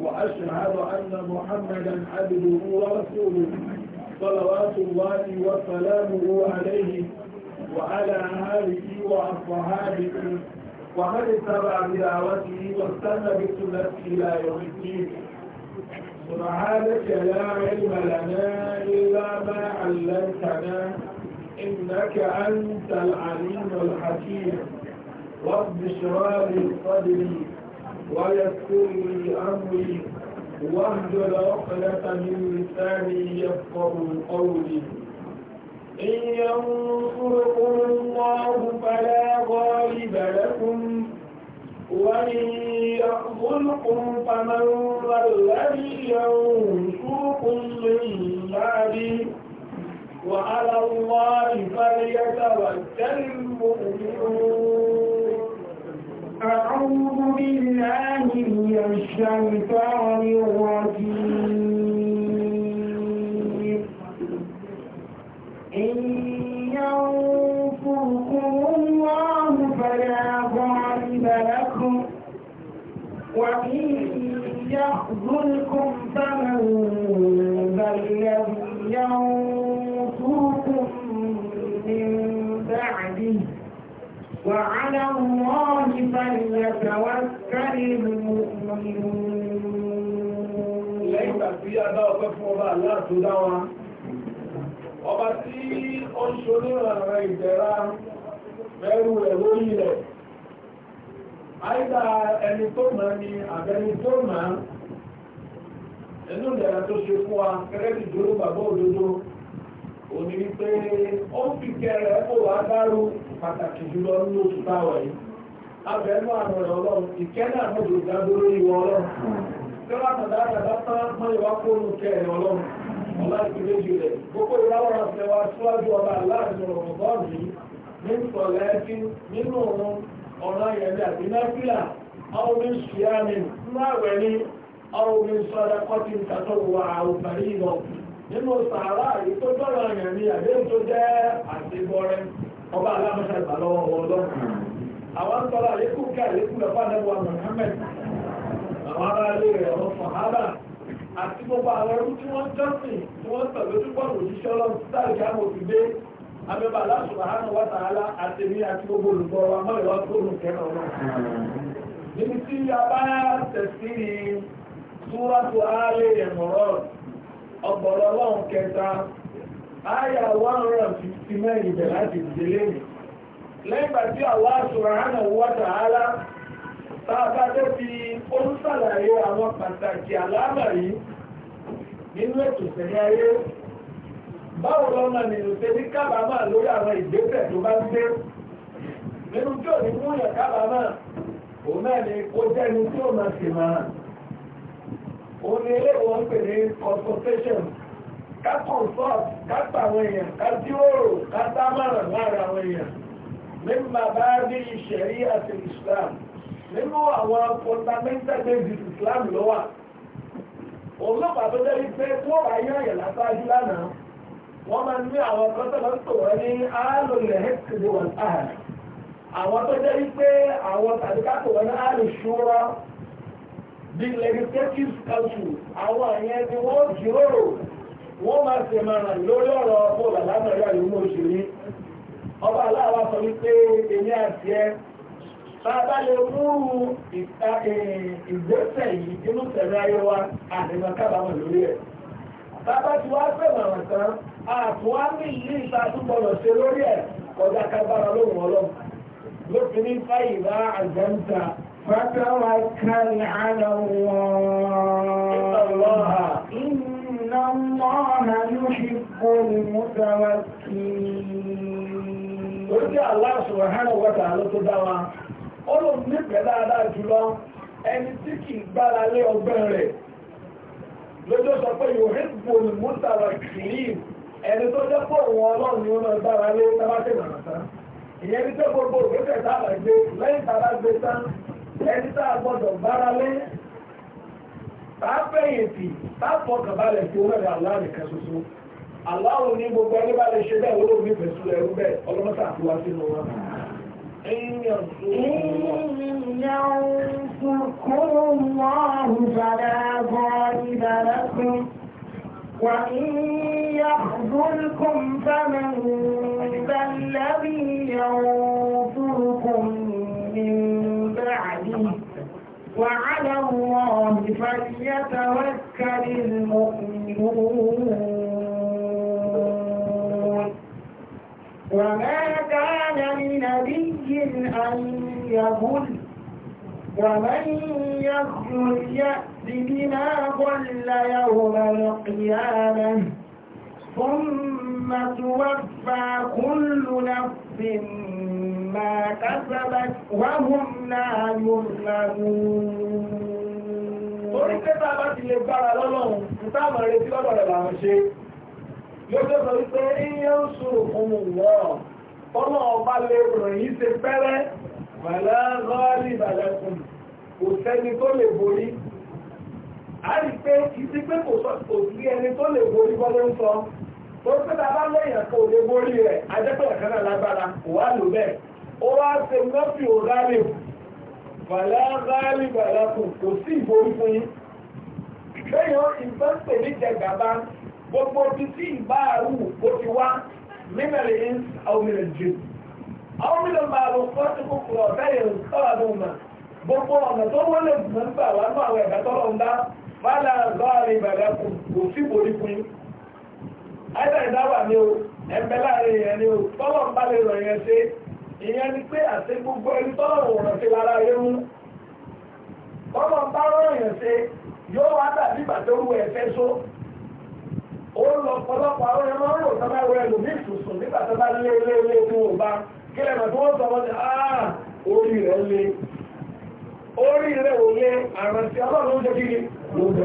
وأشهد أن محمدا عبده ورسوله صلوات الله وسلامه عليه وعلى آله وأصحابه ومن اتبع بدعوته واستنى بسنته إلى يوم الدين سبحانك لا علم لنا إلا ما علمتنا إنك أنت العليم الحكيم رب اشرح لي صدري ويسر لي أمري واهجر عقله من لساني يفقه قولي إن ينصركم الله فلا غالب لكم وإن يخذلكم فمن ذا الذي ينصركم من بعده وعلى الله فليتوكل المؤمنون أعوذ بالله من الشيطان الرجيم إن ينصركم الله فلا غالب لكم وإن يخذلكم فمن ذا الذي ينصركم وعلى الله فليتوكل المؤمنون ليس في أداء كفر الله تدوى ọba tí ó ń ṣorí ọ̀rọ̀ ìjẹ́ra mẹ́rù rẹ̀ lórí rẹ̀ àìdá ẹni tó mọ̀ ni àbẹni tó mọ̀ inú ìdẹ̀rẹ̀ tó ṣe fún wa kẹ́rẹ́dì dúró bàbá òdodo òní wípé ó ń fi kẹrẹ kó wá dárú pàtàkì jùlọ ní oṣù táwọ̀ yìí abẹ́nú àrùn ẹ̀ ọlọ́run ìkẹ́ náà mọ̀ ló dágbó lórí ìwọ ọlọ́run tí wọ́n kàn dáadáa bá tán mọ́ ìwà fóònù kẹrẹ ọlọ́run ọ̀la ìpínlẹ̀jì rẹ̀ gbogbo ìwáwọ̀ ọ̀sẹ̀ wa síwájú ọba aláàrin ọ̀rọ̀ bọ́ọ̀lù yìí ní sọ̀lẹ̀ ẹtí nínú òun ọ̀rọ̀ ìyẹ̀lẹ̀ àti náfìlà àwọn omi ni nínú àwẹ̀ ni àwọn omi sọ̀dà kọ́tì ìtàtọ̀ wà àwùbáyé ìlọ̀kùn nínú sàárà yìí tó tọ́rọ ẹ̀yàn ni àdéhùn tó jẹ́ àṣegbọ́rẹ́ ọba alámọ́ṣà ìgbà lọ́wọ́ wọn lọ́kùnrin àwọn tọ́lá yẹ́kù kí àlékù lọ́pàá lẹ́wọ̀ Muhammad àwọn ará ilé rẹ̀ ọ̀rọ̀ fọ̀hálà àti gbogbo àwọn ẹrú tí wọ́n jọ́sìn tí wọ́n tọ̀ lójú pọ̀ òṣìṣẹ́ ọlọ́run sáré kí á mọ̀ fi dé abẹ́bà aláṣùwàhánà wà tààlà àtẹ̀mí àti ọgbọ̀rọ̀ ọlọ́run kẹta àyà 159 ibẹ̀ láti dìde lẹ́yìn lẹ́gbà tí àwọn aṣòrànà wọ́ta ara tàbá tó fi ó ń sàlàyé àwọn pàtàkì àlámà yìí nínú ètò ayé báwo nínú kábàámà lórí àwọn ìgbésẹ̀ tó bá ń gbé nínú tí ò ní múyàn kábàámà òun náà ni kó tí máa máa òun ni eléwọ̀ ń pè ní consultation ká consult ká tàwọn èèyàn ká jíròrò ká dámọ̀ràn láàrin àwọn èèyàn mímọ̀ bá rí ìṣẹ̀rí àti Islam nínú àwọn fundamental basic Islam ló wà òun ló pàtó jẹ́ wípé tó wà yáyẹ̀ látàájú lánàá wọ́n máa ní àwọn kan tó lọ tó wọ́n ní alòlẹ̀ hẹ́kìdì wọn ààrẹ àwọn tó jẹ́ wípé àwọn tàbí ká tó wọ́n ní alòṣúrọ́ the legislative council àwọn àyẹn ni wọ́n jíròrò wọ́n máa ṣe máa ràn lórí ọ̀rọ̀ ọ̀pọ̀ làlámọ̀lá ìlú òṣèlú ọba aláwa sọ wípé èmi àti ẹ bàbá lè mú ìgbésẹ̀ yìí inú tẹ̀lé ayé wa àdìmọ̀ kábàámọ̀ lórí ẹ̀ bàbá tí wàá fẹ́ màmá tán àtúwá ní ìlú ìta àtúgbọ̀nà ṣe lórí ẹ̀ kọjá kábàámọ̀ lóhùn ọlọ́run lófin ní fáyìí bá àjẹ́ ń ta فتوكل على الله إن الله يحب المتوكلين Oríkẹ́ Allah subhanahu wa ta'ala tó dá wa, ó lò nípẹ̀ dáadáa jùlọ ẹni tí kì í gbára lé ọgbẹ́ rẹ̀. Lójó sọ pé yuhibbu al-mutawakkilin, ẹni tó jẹ́ pọ̀ wọn ọlọ́run ni ó máa gbára lé tábátẹ̀ nàrà tán. Ìyẹn ní tó gbogbo òkúta ìtàlá gbé lẹ́yìn tàbá gbé tán ẹni tá a gbọ́dọ̀ bára lé tá a fẹ̀yìntì tá a fọkàn balẹ̀ sí aláàrẹ̀ kan ṣoṣo aláwọ̀ ní gbogbo ẹni bá lè ṣe bẹ́ẹ̀ wọ́n lóògbé fẹ̀sùn ẹ̀rú bẹ́ẹ̀ ọlọ́mọ́sà àti sínú wọn. إن ينصركم الله فلا غالب وإن يخذلكم فمن ذا الذي ينصركم من وعلى الله فليتوكل المؤمنون وما كان لنبي أن يغل ومن يخل يأت بما ضل يوم القيامة ثم توفى كل نفس ما كسبت وهم لا يظلمون torí pé tá bá ti lè gbára lọ́lọ́run níta àmọ̀ rẹ̀ tí lọ́dọ̀ rẹ̀ là ń ṣe lójó sọ wípé iye ń sùn fún wọ́ ọmọ ọba lè rìn yìí ṣe pẹ́rẹ́ bàlẹ́ rọ́ọ̀lì bàlẹ́ kò sẹ́ni tó lè borí a rí pé kìí sí pé kò sí ẹni tó lè borí bọ́lẹ́ ń sọ torí pé bàbá lẹ́yìn kan ò lè borí rẹ̀ ajẹ́pẹ̀ kan náà lágbára kò wá lò bẹ́ẹ̀ ó wá ṣe nọ́ọ̀fì òrálì bàlá rálì bàlá kù kò sí ìborí fún yín lẹ́yìn ìfẹ́ǹpẹ̀ ní jẹgàba gbogbo ti tí ìbáàrú ó ti wá mímẹ̀lẹ̀ yín àwọn mílẹ̀ jù àwọn mílẹ̀ máa lọ fún ọ́sẹ̀ kòkòrò ọ̀fẹ́ yẹn kọ́ra ló àìsàn ìdáwà ni o ẹ̀mẹ́ láàrin ìyẹn ni o tọ́lọ̀ ń bá lè ṣe ìyẹn ni pé àti gbogbo ẹni tọ́lọ̀ rọ̀ sí lára tọ́lọ̀ ń bá rọ̀ yẹn ṣe yóò wá dàbí ẹ̀ fẹ́ só ó lọ pọ̀lọpọ̀ àwọn ẹ̀rọ ìtùsùn nígbà tó bá lé lé lé fún tó wọ́n sọ wọ́n ti orí rẹ̀ lé orí rẹ̀ ò lé àrùn sí ọlọ́run ló jẹ́ kí ló jẹ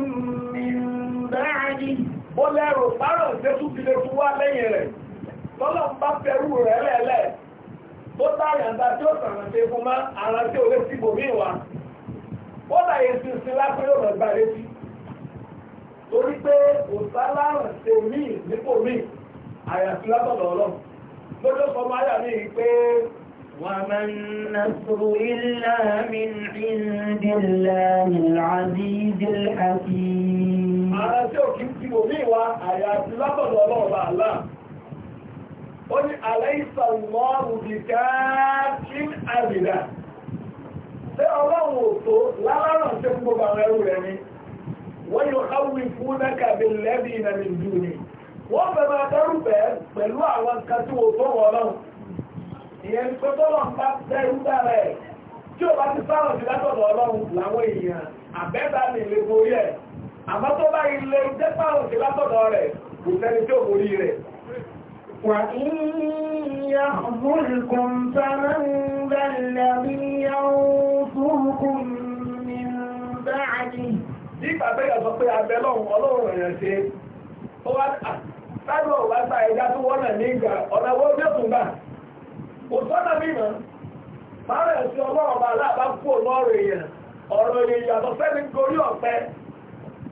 bó lẹ́rù márùn tẹ́tù ti lè fún wá lẹ́yìn rẹ̀ tọ́lọ̀ ń bá fẹ́rù rẹ̀ lẹ́lẹ̀ tó táyàndá tí ó sàrán ṣe fún má ara tí ó lè sí bòmí wa ó dàyè sinsin lápẹ́ yóò rẹ̀ gbà torí pé kò sálárùn ṣe mí nípò mí látọ̀dọ̀ ọlọ́run lójó sọ máa yà mí pé وما النصر إلا من عند الله العزيز الحكيم ààrẹ tí ò kí ń ti wò ní ìwà àyà àti látọ̀dọ̀ ọlọ́ọ̀bà àlá ó ní aláìsà lọ́rùn bí káàkí àbìdà tí ọlọ́run ò tó láláràn tí fún gbogbo àwọn ẹrù rẹ̀ ni wọ́n yóò káwí fún náka bí lẹ́bí ìnà mi jù ni wọ́n fẹ́ máa dẹ́rù bẹ́ pẹ̀lú àwọn kan tí wò tó wọ́n náà ìyẹn pé tọ́lọ̀ ń bá dẹ́rù dára ẹ̀ tí ò bá ti sáwọn sí látọ̀dọ̀ àbẹ́ta lè lè borí ẹ̀ àmọ́ tó bá ilé jẹ́ pàrùn sí látọ̀dọ̀ rẹ̀ kò sẹ́ni tí ó borí rẹ̀. wà ìyá múlùkùn sára ń bẹ̀rẹ̀ bí yàwó fúrukùn ní báyìí. bí bàbá yà sọ pé abẹ́ lọ́hùn ọlọ́run èèyàn ṣe ó wá sábà ah, wá sa ẹja tó wọ́n náà ní ìgbà ọ̀nà owó bí sí ọlọ́run aláàbá kú ọ̀nà èèyàn ọ̀rọ̀ èèyàn yàtọ̀ sẹ́ni gorí ọ̀pẹ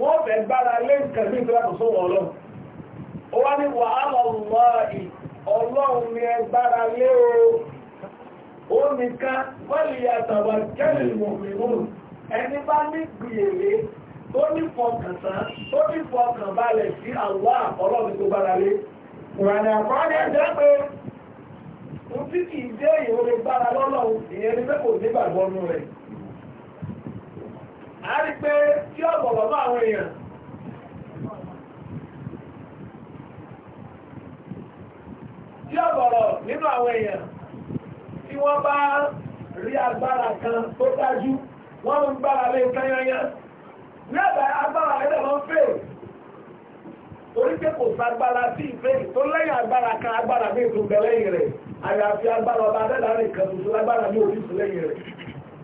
wọ́n bẹ̀ gbára lé nǹkan ní ìtura o wá ní wàhálà ọlọ́ọ̀ì ọlọ́run ẹ gbára lé o ó nìkan wọ́lì àtàwà kẹ́lì mọ̀mìnú ẹni bá ní gbìyèlé tó ní tó ní fọkànbalẹ̀ sí a pé tí ọ̀bọ̀bọ̀ bá àwọn èèyàn tí ọ̀bọ̀rọ̀ nínú àwọn èèyàn tí wọ́n bá rí agbára kan tó dájú wọ́n ń gbára lé kányányá ní agbára ẹ̀dẹ̀ lọ fẹ́ orí pé kò sagbára sí ìfẹ́ tó lẹ́yìn agbára kan agbára bí rẹ̀ àyàfi agbára ọba lágbára ní orí rẹ̀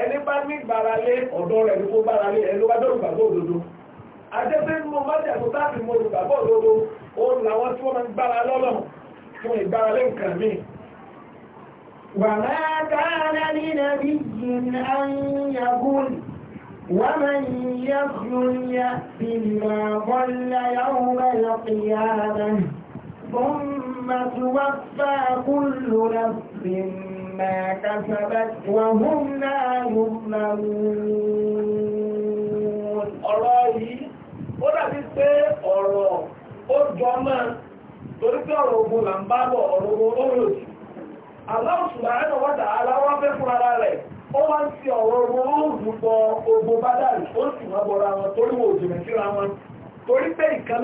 ẹni bá ní gbáralé ọ̀dọ́ rẹ̀ ní kó gbáralé ẹni bá dọ́rù gbàgbọ́ ajẹ́sẹ́ nínú májẹ̀ àti táàbì mo lù gbàgbọ́ òdodo ó làwọn tí wọ́n gbára lọ́lọ́ tí wọ́n nǹkan mi. ومن يخلل يأت بما ضل يوم القيامة ثم توفى كل نفس ما كسبت وهم لا يظلمون ọ̀rọ̀ yìí ó dàbí pé ọ̀rọ̀ ó jọ mọ́ torí pé ọ̀rọ̀ ogun là ń ogun wa ta'ala wá fẹ́ fún ara rẹ̀ ó wá ń fi ọ̀rọ̀ ogun olóòtú bọ ogun ó sì wọn torí síra wọn torí pé kan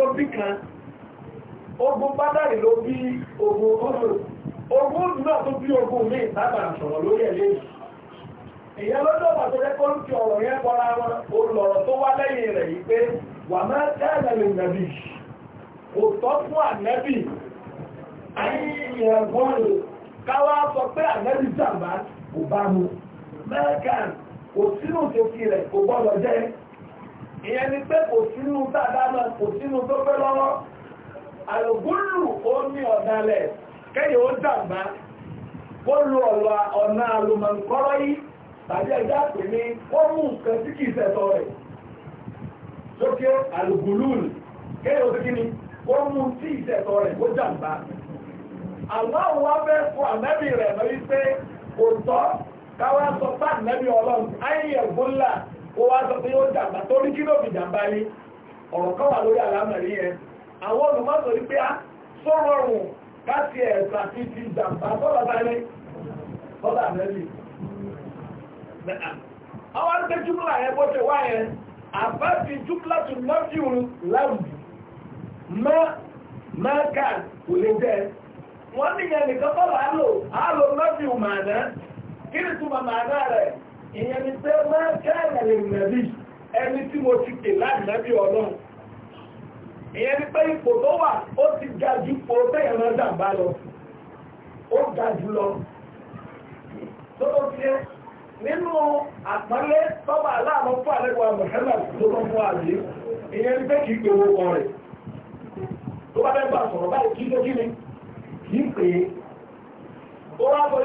ogun bádàrí ló bí ogun ogún náà tó bí ogún ní ìbábà sọ̀rọ̀ lórí ẹ̀lẹ́ ìyá lọ́jọ́ pàtó lẹ́kọ́ ń fi ọ̀rọ̀ yẹn kọ́ra wọn ó lọ̀rọ̀ tó wá lẹ́yìn rẹ̀ yìí pé wà máa dáàbà lè nàbì kò tọ́ fún ànẹ́bì àyíyàngbọ́n rẹ̀ káwá sọ pé ànẹ́bì jàmbá kò bá mu mẹ́ẹ̀kan kò sínú tòkì rẹ̀ kò gbọ́dọ̀ jẹ́ ìyẹn ni pé kò sínú tàdánà kò sínú tó fẹ́ lọ́wọ́ àlògúnlù ó ní ọ̀dàlẹ̀ kẹ́yìn ó dàgbà kó lo ọ̀rọ̀ ọ̀nà àlùmọ̀ǹkọ́rọ́ yìí tàbí ẹja pè ní ó mú nǹkan tí kìí ṣẹ̀tọ́ rẹ̀ sókè àlùgùlùlù kẹ́yìn ó ti kí ni ó mú tí ìṣẹ̀tọ́ rẹ̀ kó dàgbà àwọn wa fẹ́ fún ànábì rẹ̀ lọ wípé kò tọ́ káwá sọ pé ànábì ọlọ́run ayé ẹ̀gbọ́nlá ó wá sọ pé ó dàgbà torí kí ló fi dàgbà yìí ọ̀rọ̀ kan káti ẹ̀sà ti jàmbá sọ́dọ̀ sáré sọ́dọ̀ àmẹ́lì. àwọn arúgbó júmùlà yẹn bó ṣe wá yẹn àbáfi júmùlà tó lọ́jú láwùjọ mọ́ mọ́ká kò lè jẹ́ wọ́n níyẹn nìkan bọ́lá àlò àlò kí ni túmọ̀ màdá rẹ̀ ìyẹn ni pé mọ́ká ẹ̀rẹ̀ nàbí ẹni tí mo ti pè láti nàbí ọlọ́run ìyẹn ní pé ipò tó wà ó ti ga ju ipò tẹ́yẹ̀ máa dàgbà lọ ó ga jù lọ tó tó fi yẹ nínú àpọ́nlé tọ́ba aláàmọ́ fún àlẹ́gbà Muhammad tó tó fún àbí ìyẹn ní pé kì pé owó kan rẹ̀ tó bá bẹ́ẹ̀ sọ̀rọ̀ báyìí kí ló kí ni ó wá bọ̀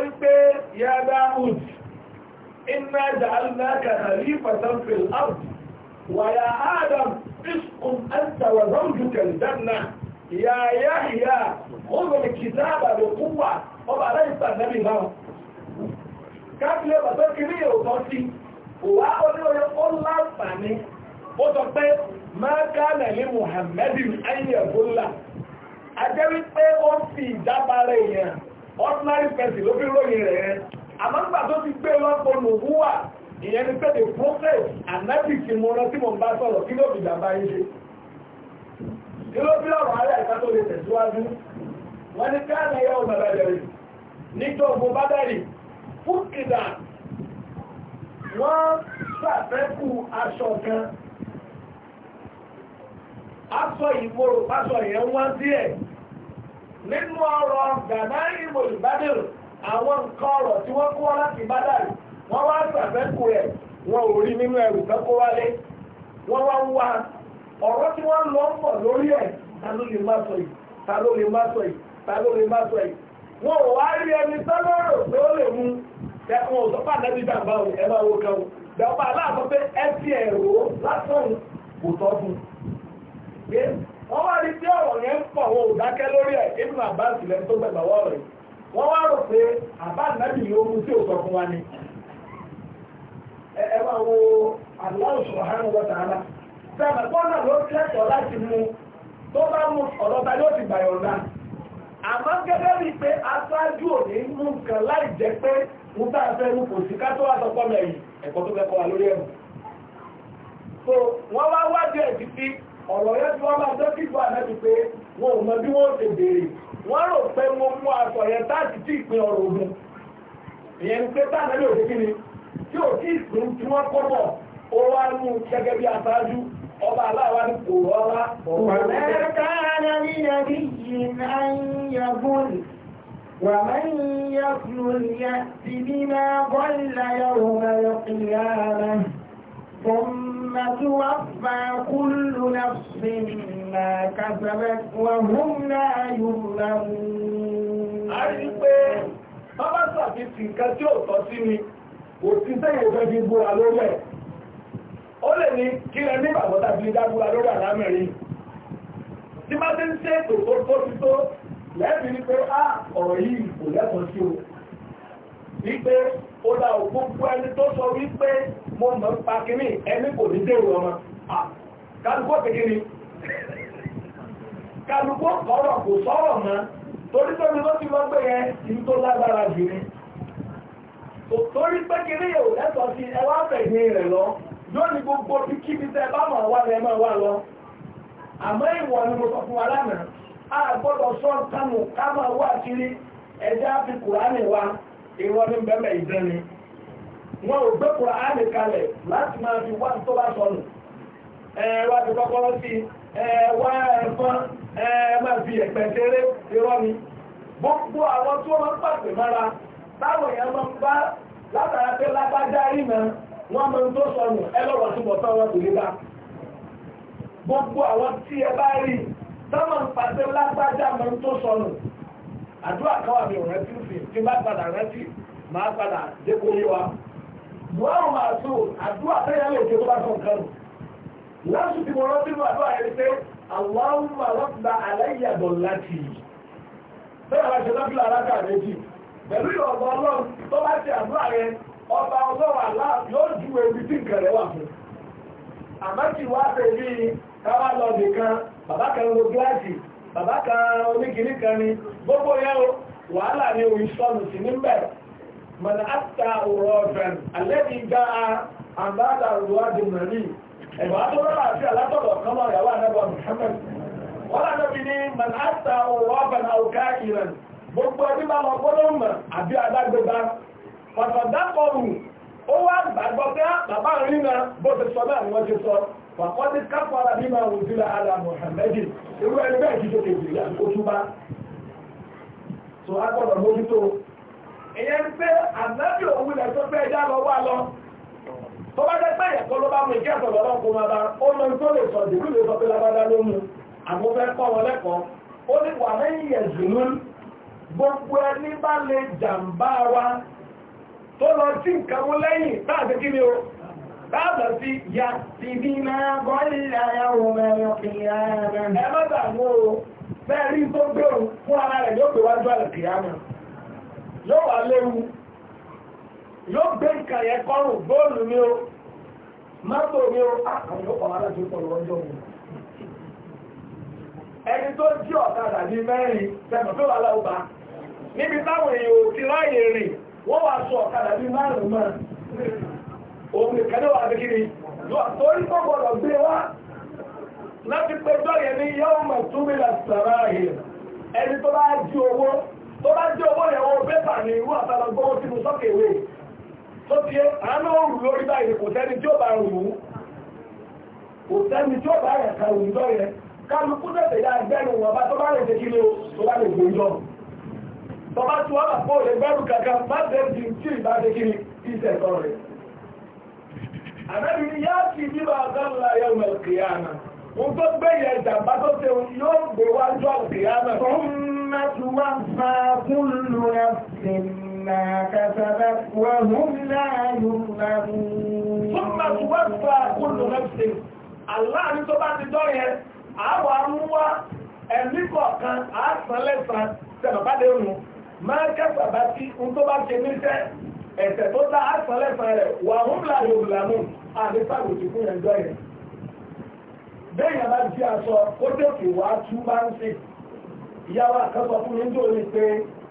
ويا آدم اسكن أنت وزوجك الجنة يا يحيى خذ الكتاب بقوة ọba aláìsà nẹ́bí náà káàkiri ọba tó kiri òtọ́ sí wà oníwòye ó láǹfààní ó sọ ìyẹn ní pé the prophet anabi ti mọ ọ̀rọ̀ tí mo ń bá sọ̀rọ̀ kí ló fi jàmbá yín ṣe kí ló fi ọ̀rọ̀ ayé àìsàn tó lè tẹ̀síwájú wọ́n ní ká ní ẹyọ bàbá jẹrì níjọ ogun bádàrí fún ìdá wọ́n ṣàfẹ́kù aṣọ kan aṣọ ìmòrò aṣọ ìyẹn wọ́n díẹ̀ nínú ọ̀rọ̀ gàdáyìn mòlùbádìrì àwọn nǹkan ọ̀rọ̀ tí wọ́n kó láti bádàrí wọ́n wá sàfẹ́kù rẹ̀ wọn ò rí nínú ẹrù kan kó wálé wọ́n wá ń ọ̀rọ̀ tí wọ́n lọ ń pọ̀ lórí ẹ̀ ta ló lè má sọ yìí ta ló lè má sọ yìí ta lè má sọ yìí wọn ò wá rí ẹni sọ́lọ́rọ̀ pé ó lè mú nẹ́bí ẹ̀ tó gbẹ̀gbà wọ́ọ̀rọ̀ yìí wọ́n wá rò ẹ máa wo Allah subhanahu wa ta'ala sábà pọ́nà ló kẹ́kọ̀ọ́ láti mú tó bá mú ọ̀dọ́ta yóò ti gbà àmọ́ gẹ́gẹ́ pé aṣáájú mú nǹkan láì jẹ́ pé mú a fẹ́ mú kò sí ká tó wà ẹ̀kọ́ tó wa lórí so wọ́n wá wájú ẹ̀ ọ̀rọ̀ yẹn tí wọ́n jẹ́ pé wọn ò mọ bí wọ́n ṣe béèrè wọ́n rò pé mo mú aṣọ yẹn táàtì tí ìpín ọ̀rọ̀ ìyẹn ni pé tí ò tí ìsìn tí wọ́n kọ́ bọ̀ ó wá mú gẹ́gẹ́ bí aṣáájú ọba aláwa ní kò rọ́lá ọ̀pọ̀ ومن يقل يأت بما ضل يوم القيامة ثم توفى كل نفس ما كسبت وهم لا يظلمون. a rí i pé bàbá sàfihàn kò sí sẹ́yìn ìfẹ́ fi búra lórí ẹ̀ ó lè ní kí ẹ ní bàbọ́ta fi dábúra lórí àlámẹ́rin tí má ti ń ṣe ètò tó tó ti tó lẹ́bi ní pé á ọ̀rọ̀ yìí kò lẹ́tọ̀ọ́ sí o wípé ó dá òkúkú ẹni tó sọ wípé mo mọ̀ ń pa kínní ẹni kò ní dèrò ọmọ kálukó kékeré kálukó ọ̀rọ̀ kò sọ̀rọ̀ mọ́ torí tó ní kò torí pé kiri yòó lẹ́tọ̀ọ́ sí ẹ rẹ̀ lọ yóò ní gbogbo bí kíbi tẹ́ bá mọ̀ wá lẹ́ máa wá lọ àmọ́ ìwọ ni mo sọ fún wa a gbọ́dọ̀ sọ wá kiri fi kùránì wa ìwọ ni bẹ́ẹ̀ ni ò gbé kùránì kalẹ̀ láti máa fi wá tó bá sọnù kọ́kọ́rọ́ sí táwọn èèyàn máa ń bá látara pé lágbájá ìmọ̀ wọn máa ń tó sọnù ẹ lọ́wọ́ tí bọ̀tán wọn kò lè bá gbogbo àwọn tí ẹ bá rí táwọn ń pàṣẹ lágbájá máa ń tó sọnù àdúrà káwà mi ò rántí fi tí bá padà rántí máa padà dépò yé wa buhari máa tó àdúrà dé bá sọ̀kan pẹ̀lú ìrọ̀gbọ́ ọlọ́run tó bá ti àdúrà rẹ ọba ọlọ́run àlá yóò ju ewu tí nǹkan rẹ wà fún àmọ́ tí wàá fẹ́ bí káwá lọ nìkan bàbá kan wo gíláàsì bàbá kan oníkìní kan ni gbogbo yẹn o wàhálà ni òun sọnù sí níbẹ̀ mọ̀nà àtà òrò ọ̀fẹ́ àlẹ́bí gba àbáàdà òwúwájú nàní ẹ̀bà tó rọ́rọ̀ àti alátọ̀dọ̀ kan lọ yàwó àdẹ́bọ̀ Muhammad wọ́n lànà bí ní mọ̀nà àtà òrò ọ̀fẹ́ àwòká ìrẹ̀lẹ̀ gbogbo ẹbí bá wọn gbọ́dọ̀ mọ̀ àbí alágbèbá pàtàkọ́rù ó wá gbàgbọ́ pé ah, bàbá rí na bó ti sọ náà wọ́n ti sọ wàkọ́dí kápára bí máa wù sílẹ̀ ala Muhammad irú ẹni bẹ́ẹ̀ kí tókè jìrì ó ní wà lẹ́yìn ẹ̀sìn gbogbo ẹni bá lè jàǹbá wa tó lọ sí lẹ́yìn táàbí kí ni o táàbà sí ya ti bí máa gọ́lì ayáwó mẹ́rin ọkùnrin ara rẹ̀ mú o o fún ara rẹ̀ yóò gbé wájú àlùkì àmà yóò wà léwu yóò gbé bóòlù ni o mọ́tò ni o ah, àkàrà yóò ara tó pọ̀ lọ́jọ́ ẹni tó jí níbi táwọn èèyàn ò ti ráyè rìn wọ́n wá sọ ọ̀kadà bí márùn-ún mọ́ òun ìkẹ́lẹ́ wà bí kiri torí tó gbọ́dọ̀ gbé wá láti péjọ́ yẹn ní yóò mọ̀ túnbílà sàrá yìí ẹni tó bá jí owó tó bá jí owó yẹn wọ́n pépà ní irú àtàlà gbọ́wọ́ sínú sọ́kè ìwé tó ti àánú òrù lórí báyìí kò sẹ́ni tí ó bá rù ú kò sẹ́ni tí ó bá rẹ̀ kàrù ìjọ yẹn kálukú tẹ̀sẹ̀ yá ẹgbẹ́ nu wọn tó bá lè ṣe kí ló tó bá lè gbé jọ bàbá tí wọ́n àpò rẹ̀ gbẹ́rù kàkà má dẹ́bì tí ìbáde kiri ìṣẹ̀ kan rẹ̀. àmẹ́rin yá ti bíbá àgbàlá yẹ mẹ́lìkìyàmà wọ́n tó gbé yẹ ìjàmbá tó ṣe yóò gbé wájú àgbìyàmà. ọmọ tí wọ́n fa kúlù rẹ̀ sí ما كسبت وهم لا يظلمون ثم توفى كل نفس الله ní tó bá ti dọ́ àwọn amúwá ẹ̀mí kọ̀ọ̀kan àásánlẹ̀sán tẹ̀bàbá lè rùn máa kẹfà bá tí n tó bá ṣe níṣẹ́ ẹ̀sẹ̀ tó dá àtọ̀lẹ́fẹ̀ rẹ̀ wà ń là yòó lànà àmì sàbòtì fún ẹjọ́ yẹn bẹ́yìn bá jí aṣọ ó tètè wá tú bá ń ṣe ìyáwó àkọ́sọ fún mi ń dòwe pé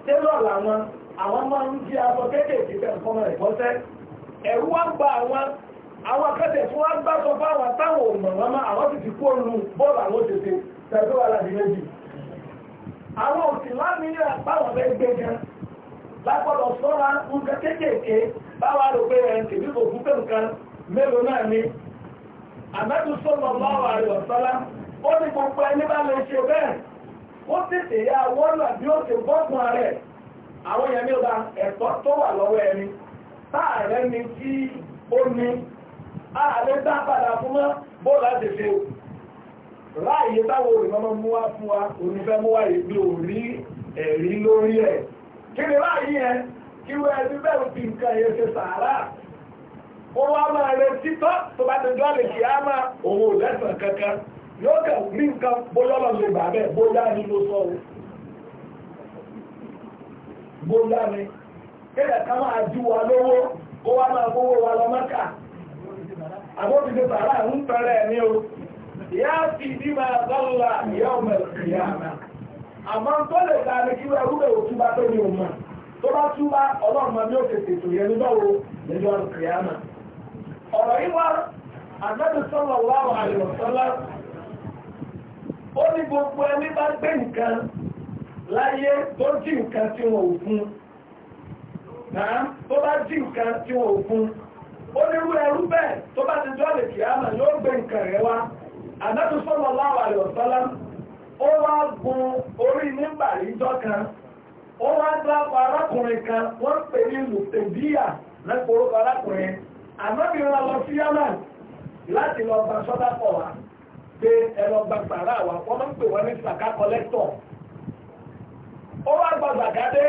tẹ́lọ̀ làwọn àwọn máa ń jí aṣọ kéékèèké tẹ̀ nǹkan rẹ̀ bọ́sẹ́ ẹ̀rú wá gba àwọn àwọn akẹ́tẹ̀ tí wọ́n gbá sọ fún táwọn ò wọn mọ́ àwọn sì ti kó àwọn òsì lámìíràn báwọn fẹ́ gbé gan lápọ̀lọ̀ sọ́ra nǹkan kéékèèké báwa rò pé ẹ̀ ń kò fún náà ni àmẹ́tù sọ́nà lọ́wọ́ àrẹ̀ ó ní ẹni bá lè ṣe bẹ́ẹ̀ ya bí ó ti rẹ̀ àwọn yẹn tó wà lọ́wọ́ ẹni ni tí ó ní dá padà fún mọ́ ráàyè táwọn olùmọ́mọ́ mú wá fún wa onífẹ́ mú wá ìgbé òrí ẹ̀rí lórí ẹ̀ kí ni ráàyè ẹ kí wọ́n ẹni bẹ́ẹ̀ fi nǹkan yẹn ṣe sàárà ó wá máa retí tọ́ tó bá ti jọ́ lè kí á máa òun ò lẹ́sàn kankan yóò kẹ̀ rí nǹkan bóyá lọ lè bà bẹ́ẹ̀ bóyá ni ló sọ o bóyá ni kéde ká máa ju wa lówó kó wá máa wa lọ mọ́kà ti sàárà ń ẹ̀ ní o. yáàfi bí dị bọ́lá yọmọ àmọ́ tó lè ta ni kí wọ́n rúbẹ̀ tó ní òun mọ̀ tó bá túbá ọlọ́run máa ní òkè tètè yẹn nígbà wo lẹ́jọ́ ìyáàmà ọ̀rọ̀ yìí wá àgbẹ̀dù sọ́lọ̀ wà àlùsọ́lá ó ní gbogbo ẹni bá gbé nǹkan láyé tó jí nǹkan tí wọn ò fún náà tó bá jí nǹkan tí wọn ò fún ẹrú bẹ́ẹ̀ tó bá ti jọ́ àdájú sọ́lọ̀ láwà rẹ̀ ọ̀sọ́lá ó wá gun orí nígbà ìjọ kan ó wá dápọ̀ arákùnrin kan wọ́n pè ní lùtẹ̀bíyà lẹ́kọ̀ọ́rọ̀ arákùnrin àmọ́bìnrin lọ sí yámà láti lọ gba sọ́dá pọ̀ wá pé ẹ lọ gba sàrà wá wọ́n máa ń pè wọ́n ní sàká kọ́lẹ́tọ̀ ó wá gba sàkádé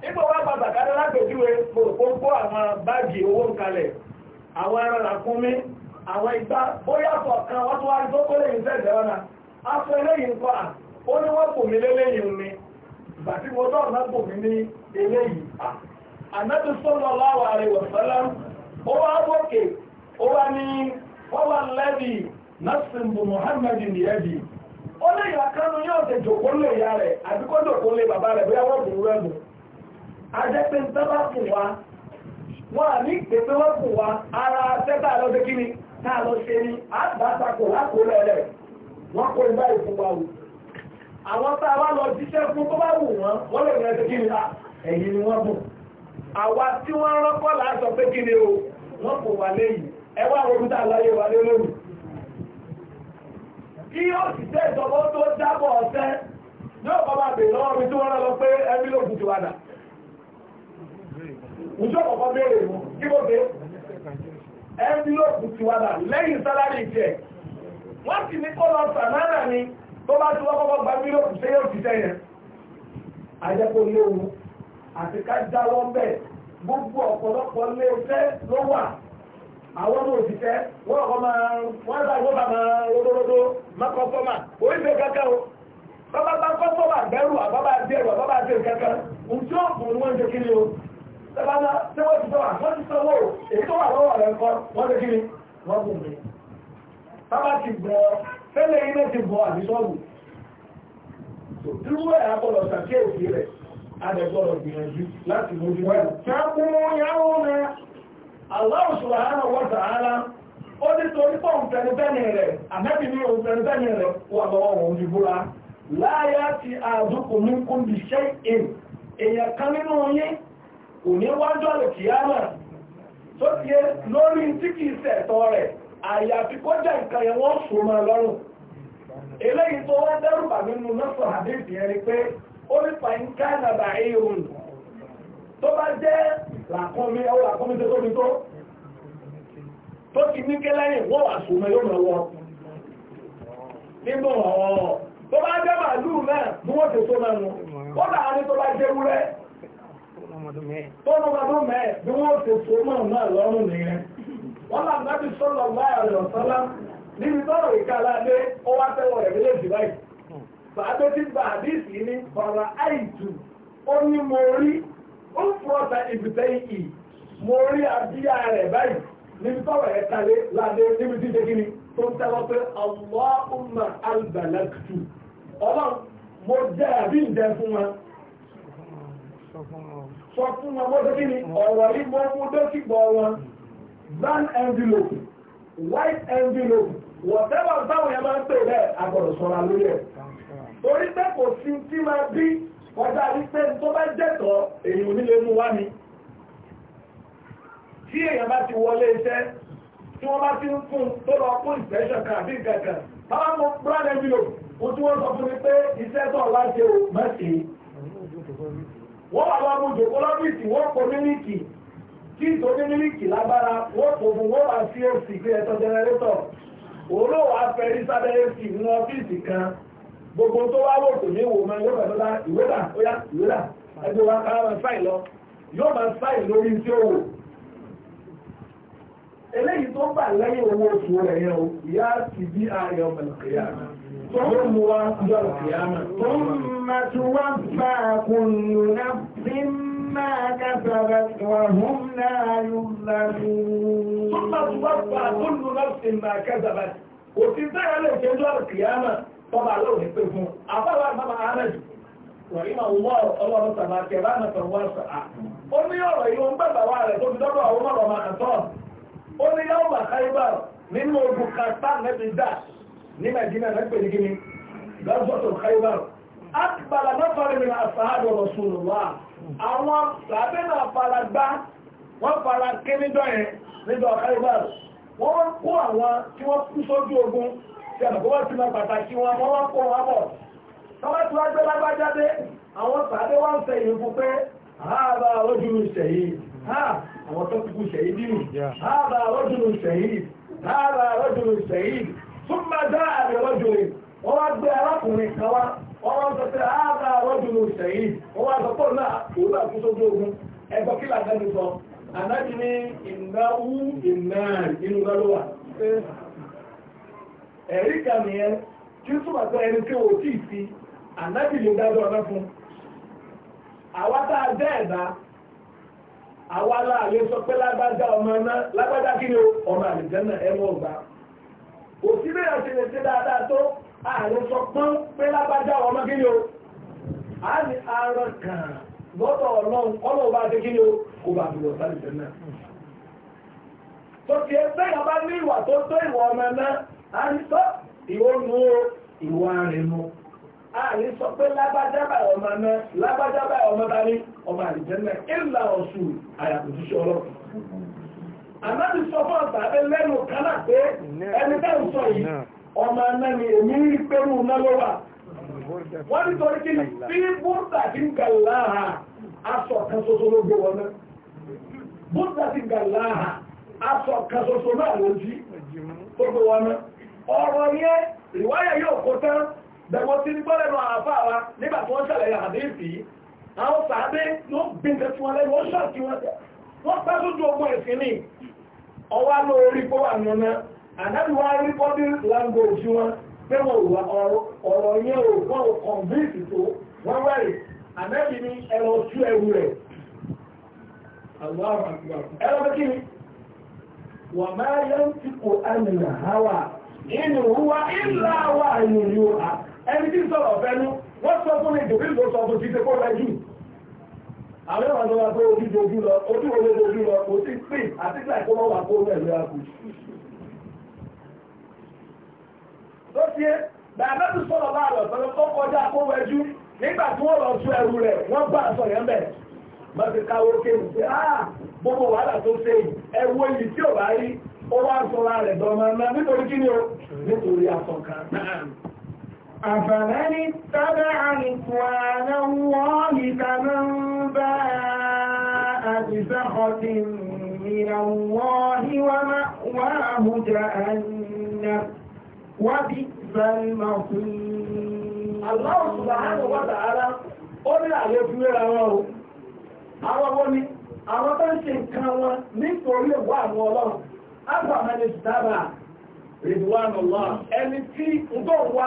nígbà wá gba sàkádé lápèjúwe mo rò pé ó kó àwọn báàgì owó kalẹ̀ àwọn ẹran làkúnmí àwọn ìgbà bóyá kọ̀ọ̀kan wọ́n tó wá rí tó na lẹ́yìn tẹ́jẹ̀ ọ́nà afẹ́ lẹ́yìn pa ó ní wọ́n pò mí lélẹ́yìn mi ìgbà ha mo dọ́ọ̀nà pò mí ní eléyìí pa ànábì sọ́lọ́ láwà rẹ̀ wọ̀sọ́lá ó wá gòkè ó wá ní nọ́sìmbù Muhammad nìyẹ́bi ó lè yà yóò tẹ ya rẹ̀ àbí kó bàbá rẹ̀ bóyá wọ́n rẹ̀ à ní náà lọ ṣe ní àgbàgbàpọ̀ lákòólẹ̀ rẹ̀ wọ́n kó ibà ìfún wa wù àwọn tá a wá lọ jíṣẹ́ fún tó bá wù wọ́n wọ́n lè rẹ̀ kí ni ẹ̀yìn ni wọ́n bù àwa tí wọ́n rọ́pọ̀ láàṣọ pé o wọ́n kò wà ẹ wá wa lé lónìí kí yóò sì ìjọba tó ọ̀sẹ́ yóò kọ́ máa lọ́wọ́ mi tí wọ́n lọ pé ẹbí wà dà ẹ́ńbílòpù ti wà náà lẹ́yìn sálárì jẹ́ wọ́n sì ní lọ ni tó bá ti wọ́pọ̀ gba bílòpù ṣé yóò fi sẹ́yìn àjẹpọ̀ léwu àti ká jáwọ́ gbogbo ọ̀pọ̀lọpọ̀ lé ló wà àwọn òṣìṣẹ́ wọ́n ọkọ̀ máa wọ́n bá wọ́n tẹ́bàdá tí wọ́n ti tọ́wà wọ́n ti tọ́wọ́ èyí tó wà lọ́wọ́ rẹ̀ kọ́ wọ́n ti kiri wọ́n bù mí bọ̀ fẹ́lẹ̀ dúró ẹ̀ agbọ́dọ̀ sàkíyèsí rẹ̀ adẹ̀gbọ́dọ̀ gbìyànjú láti mójú wẹ̀. ṣàkó yàwó mi Allah subhanahu wa ta'ala ó ní torí pọ̀ ń rẹ̀ àmẹ́bí kò ní wájú tó ti yé lórí tí kì í rẹ̀ àyàfi kó jẹ́ nǹkan yẹn wọ́n sùn máa lọ́rùn eléyìí tó wá dẹ́rù nínú mẹ́sàn àdéhùn yẹn pé ó nípa fàyín káàdà tó bá jẹ́ làkúnmi làkúnmi tó tóbi tó tó ti ní wọ́n wà máa yóò máa wọ́ tó tọ́nà ọdún mẹ́ẹ̀ bí wọ́n ti so mọ́ náà lọ́rùn nìyẹn wọ́n náà dábì sọ́lọ̀ báyà rẹ̀ ọ̀sánlá níbi tọ́rọ̀ ìkàlá dé ó wá tẹ́wọ̀ rẹ̀ nílé jù báyìí bàbá tí gba àdìsí ní bàbá àìjù ó ní mo rí ó fún ọ̀tà ìbùtẹ́ ìyì mo rí àbíyá rẹ̀ báyìí níbi tọ́rọ̀ rẹ̀ kalẹ̀ ládé níbi tí ṣe kíni tó ń tẹ́wọ́ pé Allahumma albalaktu ọlọ́run mo jẹ́ àbí ǹjẹ́ fún wa sọ fún wọn bọ́dọ̀ kí ni ọ̀rọ̀ yìí mọ́ fún dókítà wọn brown envelope white envelope whatever táwọn yẹn máa ń pè bẹ́ẹ̀ agbọ̀dọ̀ sọ̀rọ̀ lórí ẹ̀ torí pé kò sí tí máa bí kọjá wípé tó bá jẹ́tọ̀ èyí ò ní lè mú wá ni tí èèyàn bá ti wọlé iṣẹ́ tí wọ́n bá ti ń fún tó lọ fún ìfẹ́ṣọ̀ kan àbí kankan báwọn mo brown envelope mo tún wọ́n sọ fún mi pé iṣẹ́ tó ọ̀la ṣe ò mẹ́sì wọ́n wà lọ́mú jòkó lọ́fíìsì wọ́n kó mílíkì kí tó ní mílíkì lágbára wọ́n kó fún wọ́n wà sí òsì pé ẹ̀tọ́ jẹnẹrétọ̀ olóòwò afẹ́rí sábẹ́ èsì ní ọ́fíìsì kan gbogbo tó wá wò tó ní ìwòmọ yóò fẹ́ lọ́la ìwé dà ó yá ìwé dà ẹgbẹ́ wa kára máa fáì lọ yóò máa fáì lórí tí ó wò eléyìí tó bà lẹ́yìn owó oṣù rẹ̀ yẹn o ìyá ti bí ààrẹ ọmọ ìkẹyà náà yóò mú wá jọ ìyáàmà. Tó mọ̀ tí wọ́n fà kùnú náà fi máa kásàrà wàhún náà yóò lábí. Tó mọ̀ tí wọ́n fà kùnú náà fi máa kásàrà. Òtí sáyà lè ṣe jọ ìyáàmà tọ́ba alóòrè pé fún. Ó ní ọ̀rọ̀ yìí wọ́n wa rẹ̀ tó ti dọ́dọ̀ àwọn ọmọ àtọ́. Ó ní yàwó bàkà ibà nínú ogun kan tá ní Mẹdínà náà pè ní gíní lọ́sọ̀tò Khaybar akbala mẹ́fàrin ní àfàádù Rasulullah àwọn sàbẹ́ náà fara gbá wọ́n fara ké níjọ́ yẹn níjọ́ Khaybar wọ́n kó àwọn tí wọ́n kú sójú ogun tí àbùkù wọ́n ti máa pàtàkì wọn wọ́n wọ́n kó wọn bọ̀ tọ́wọ́ tí wọ́n gbé lágbájáde àwọn sàbẹ́ wọ́n ń sẹ ìlú fún pé ààbà ojú ìṣẹ̀yìn àwọn tó kúkú ṣẹ̀yìn dínú ààbà ojú ìṣẹ̀yìn ààbà ojú ìṣẹ̀yìn ثم جاء برجل ورد أراكم كوا ورد هذا رجل شهيد ورد قلنا ولا تصدقون ẹgbọ́ kí làdá ní sọ ànájì ní ìnáwó ìnáà inú lọ́lọ́wà ẹ̀rí kàmìyàn kí túnmà tẹ́ ẹni tí ó tí sí ànájì lè dájọ́ ọ̀nà fún àwa kò sí bẹ́ẹ̀ ṣe lè ṣe dáadáa tó ààrẹ sọ pọ́n pé lábájá ọmọ kí ni o a ní ara kàn lọ́dọ̀ ọlọ́run ọlọ́run bá ṣe o kò bá bìlọ sáré jẹ náà tó ti ẹ bẹ́ẹ̀ yọba ní ìwà a ní sọ ìwọ nu ìwà rẹ̀ mu a ní sọ pé lábájá báyìí ọmọ náà lábájá báyìí ọmọ bá ní ọmọ àlìjẹ náà ìlà ọ̀sùn àyàkùtù sí ọlọ́run ànábì sọ fún àgbàdé lẹ́nu kánà pé ẹni tẹ́ ń sọ yìí ọmọ anáni èmi rí pẹ́rù náà ló wà wọ́n ní torí kí ni bí búrúdà ti ń gà láàá aṣọ kan ṣoṣo ló gbé wọn náà búrúdà ti ń gà láàá aṣọ kan ṣoṣo náà ló jí tó gbé wọn náà ọ̀rọ̀ yẹn ìwáyà yóò kó tán bẹ̀wọ̀n ti ń gbọ́ lẹ́nu àáfà wa nígbà tí wọ́n ṣàlàyé àdéhìí àwọn sàádé ló gbé nǹkan tí wọ́n ṣàkíwọ́n tẹ̀ wọ́n pẹ́ sójú ogun ẹ̀sìn ni ọwá ló orí kó wà nínú náà ànábì wá rí bọ́dí language wọn pé wọn ò wá ọ̀rọ̀ yẹn ò kọ́ ò convince tó wọ́n wẹ̀rẹ̀ ànábì ní ẹ̀rọ tú ẹrù rẹ̀ ẹ̀rọ pé kí ni wà máa yẹ ń ti kò àmìnà háwà inú wa ìlà wà nìyó ẹni tí sọ̀rọ̀ fẹ́nu wọ́n sọ fún mi dòbí ló sọ fún àwọn àwọn ọmọ tó ojú dojú lọ ojú olè dojú lọ kò sí pè àti ìgbà ìkọ́mọ́ wà kó rẹ̀ lóra kù. tó ṣe bàbá tó sọ̀rọ̀ bá rọ̀ sọ̀rọ̀ tó kọjá kó wẹjú nígbà tí wọ́n lọ tú ẹrù rẹ̀ wọ́n bá aṣọ yẹn bẹ̀. mo ti káwó kéwù pé áà gbogbo wàhálà tó ṣe yìí ẹwọ́ tí ò bá rí ó wá sọ̀rọ̀ rẹ̀ dọ́mọ náà nítorí kí ni o nítorí aṣọ náà. أفمن اتبع رضوان الله كمن باء بسخط من الله ومأواه جهنم وبئس المصير الله سبحانه وتعالى ó ní àyè fún ra wọn o àwọn wọn ni àwọn tó ń ṣe nǹkan wọn nítorí ìwà àwọn ọlọ́run ábàmẹ́lẹ̀ dábàá rìdùwánù lọ́wọ́ ẹni tí ń tó wá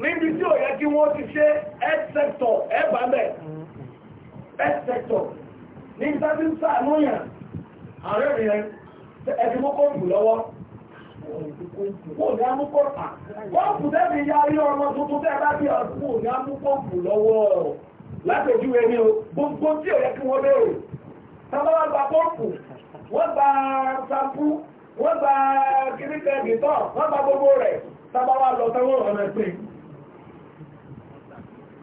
níbi tí ò yẹ kí wọ́n ti ṣe health sector ẹ̀bà bẹ̀ health sector ní sábí sàánú yàn ààrẹ rẹ̀ ẹ̀dí mú kóòpù lọ́wọ́ kò ní amú kóòpù kóòpù tẹ́bi ya rí ọmọ tuntun tẹ́ bá bí ọ̀pù ní amú kóòpù lọ́wọ́ látòjú ẹni o gbogbo tí ò yẹ kí wọ́n béèrè tábàlá gba kóòpù wọ́n gba sampú wọ́n gba kíníkẹ́ gìtọ́ wọ́n gba gbogbo rẹ̀ tábàlá lọ táwọn ọ̀nà pé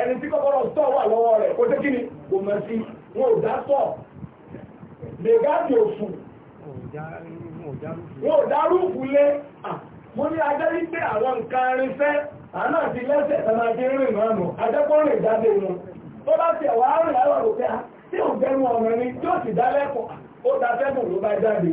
ẹni tí kọkọrọ tọ́ wà lọ́wọ́ rẹ̀ kò mọ̀ sí wọn ò dá tọ̀ òfù wọn ò dárú rúùfù mo ní ajẹ́ wípé àwọn nǹkan fẹ́, àná àti lẹ́sẹ̀ ẹ̀ma ti rìn náà nù wọn tó bá ti ẹ̀wà rìn àwọn òkè tí ò ọmọ ni tí ó ó ló bá jáde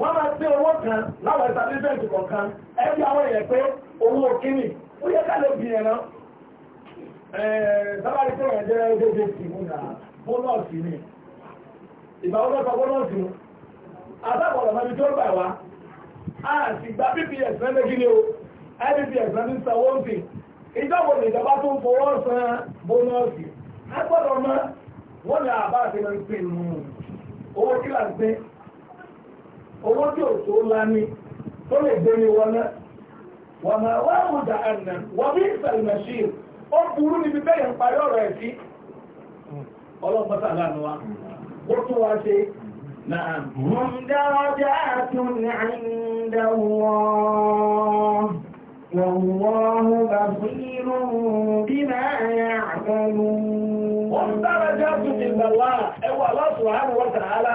wọ́n máa gbé owó kan láwọn establishment kọ̀ọ̀kan ẹbí àwọn èèyàn pé owó kíní ó yẹ ká lè bìyàn náà sábàrí tó yẹn jẹ́ ẹgbẹ́ mú náà bónọ́ọ̀sì ni ìgbà wọ́n sọ bónọ́ọ̀sì mu àtàkọ̀lọ̀ mọ́bi tó gbà wá a sì gba pps náà lẹ́gí ni o ipps náà ní sanwó ń sìn ìjọba ìjọba owó tí ò tó ńlá ní tó lè gbé ní wọn náà wọ́n máa wá àwùjá àná wọ́n bí ìsàlùmẹ̀ṣì ó burú níbi bẹ́ẹ̀ ń parí ọ̀rọ̀ ẹ̀ sí ọlọ́pàá láàánú wa ó tún wá ṣe náà. hum darajatun 'inda Allah wallahu basirun bima ya'malun. hum darajatun 'inda Allah ẹwà Allah subhanahu wa ta'ala.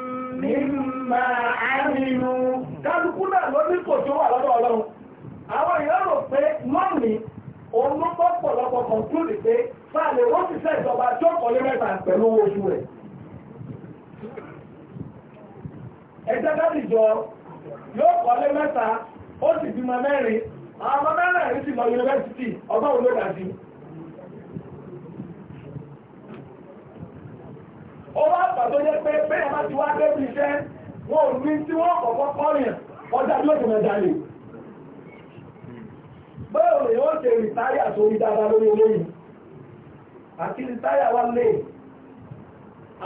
mímá àrínú kálukú náà ló ní kò tó wà lọ́dọ̀ ọlọ́run àwọn èèyàn rò pé lónìí òun pọ̀lọpọ̀ pé ó ti fẹ́ ìjọba tí ó mẹ́ta pẹ̀lú oṣù rẹ̀ ẹgbẹ́ dábìjọ yóò kọ́lé mẹ́ta ó sì bímọ mẹ́rin àwọn mẹ́rin sì lọ yunifásitì ọgbọ́n ó wá gbà tó yẹ pé bẹ́ẹ̀ má ti wá débi iṣẹ́ wọn ò ní tí wọ́n kọ̀kọ́ kọ́yàn ọjà bí òkè mẹ́ta lè bẹ́ẹ̀ òun yóò ṣe rìtáyà tó rí dáadáa lórí eléyìí àti rìtáyà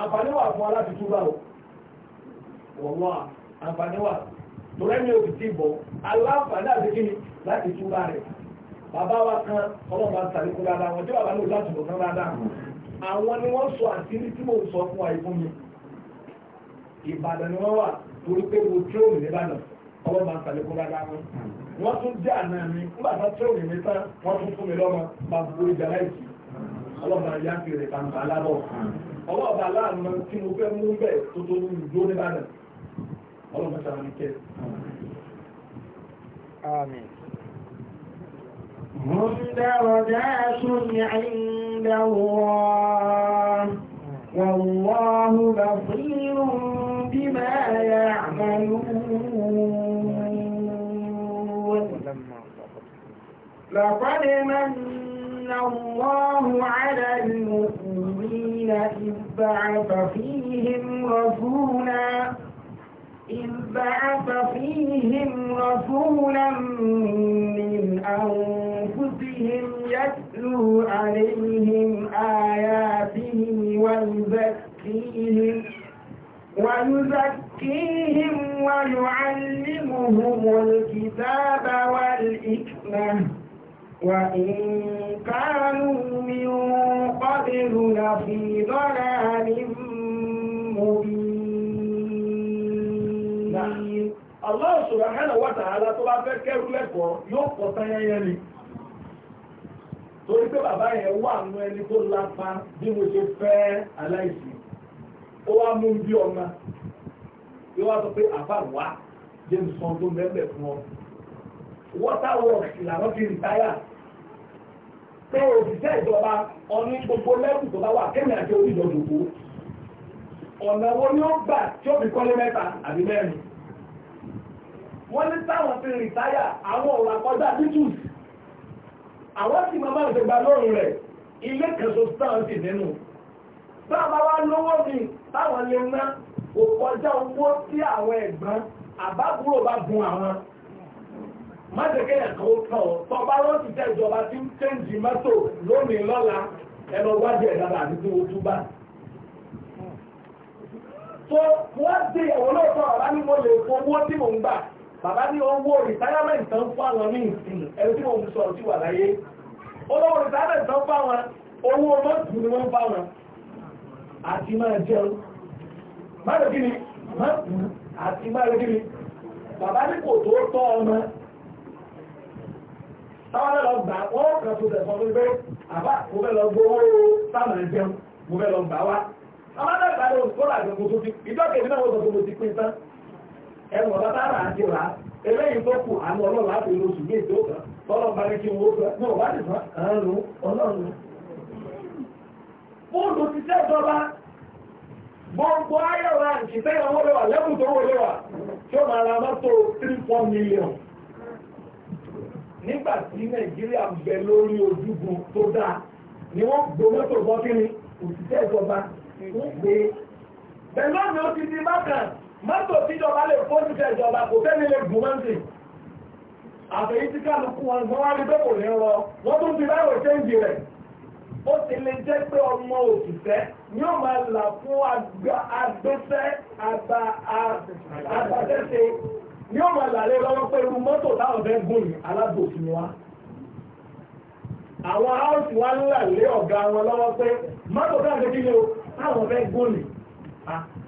fún aláti túbà o wọ̀wọ́ àǹfààní wà bọ̀ aláǹfààní àti kíni láti túbà rẹ̀ bàbá wa kan ọlọ́pàá dáadáa bàbá àwọn ni wọ́n sọ àṣírí tí mo sọ fún wa ìfún mi ìbàdàn ni wọ́n wà torí pé mo tíróòmù nìbàdàn ọwọ́ máa ń sàlékún dáadáa wọn wọ́n tún jẹ́ àná mi nígbà tá tíróòmù mi tán wọ́n tún fún mi lọ́mọ máa bu ìjà láìsí ọlọ́mọ ayé àti rẹ̀ kàǹtà alábọ̀ ọwọ́ ọba aláàmọ tí mo fẹ́ mú bẹ́ẹ̀ tó tó ní ìdó nìbàdàn ọlọ́mọ sàlámì kẹ́ هم درجات عند الله والله بصير بما يعملون لقد من الله على المؤمنين إذ بعث فيهم رسولا إذ بعث فيهم رسولا من أنفسهم hi haa akhe m m m m m m waahụaaaeụụrụa e a a torí pé bàbá yẹn wà nú ẹni tó lápá bí mo ṣe fẹ́ aláìsí ó wá mú bí ọmọ yóò wá sọ pé àbá wá james sọ tó mẹ́mẹ́ fún ọ water works làwọn fi rìtáyà pé òṣìṣẹ́ ìjọba ọ̀ní gbogbo lẹ́kùn tó bá wà kémi àti onídọ̀dọ̀kọ ọ̀nà wo ni ó gbà tí ó fi kọ́lé mẹ́ta àbí mẹ́rin wọ́n ní táwọn ti rìtáyà àwọn ọ̀rọ̀ àkọjá bítúùsì àwọn sì máa máa ṣègbà lóòrùn rẹ̀ ilé kẹsọ sáàǹtì nínú bá a bá wá lówó mi táwọn lè ná kò kọjá owó tí àwọn ẹ̀gbọ́n àbábúrò bá gun àwọn májèké ẹ̀kọ́ kan tọba ló ti tẹ́ ìjọba tí ń tẹ́ǹjì mọ́tò lónìí lọ́la ẹnu wájú ẹ̀dára àti tí wọ́n tún bá. tó wọ́n dé ìyàwó lóòótọ́ ọ̀rá ni mo lè fowó tí mò ń gbà bàbá ní owó retirement tán fún àwọn ní ìsìn ẹni tí wọ́n sọ ọ̀tí wà láyé olówó retirement tán fún àwọn owó mọ́tò ni wọ́n fún àwọn àti máa jẹun máa lè ni mọ́tò àti máa lè kí ni bàbá ní kò tó tọ́ ọmọ táwọn lọ gbà wọ́n kàn tó tẹ̀sán wípé àbá mo fẹ́ lọ gbowó sáàmà jẹun mo fẹ́ lọ gbà wá. tó ti ìjọ́ kejì náà wọ́n sọ pé ẹwọ̀n bàbá rà á ti eléyìí tó kù àmì ọlọ́run láti lo oṣù kàn tọ́lọ́ kan ọlọ́run. ti sẹ́jọba gbogbo ayọ̀rọ̀ àǹtí sẹ́yìn owó lẹ́wà lẹ́kùn tó wọlé tí ó máa ra mọ́tò three four million. nígbà tí nàìjíríà bẹ lórí ojúgun tó dáa ni wọ́n gbọ́ mọ́tò òṣìṣẹ́ ìjọba mọ́tò tíjọba lè fóònù tẹ ìjọba kò fẹ́mi lè gùn mọ́tì àtẹ̀yí tí kálukú wọn gbọ́n wá rí pé kò ní rọ wọ́n tún fi báyìí ṣéǹjì rẹ̀ ó ti lè jẹ́ pé ọmọ òṣìṣẹ́ ni ó máa là fún agbẹ́sẹ́ àgbàtẹ́sẹ́ ni ó máa là lé lọ́wọ́ pé irú mọ́tò táwọn fẹ́ gùn ní alábòsí ni àwọn áùsì wá ń là ọ̀gá wọn lọ́wọ́ pé mọ́tò táwọn kí ni o táwọn fẹ́ gùn ní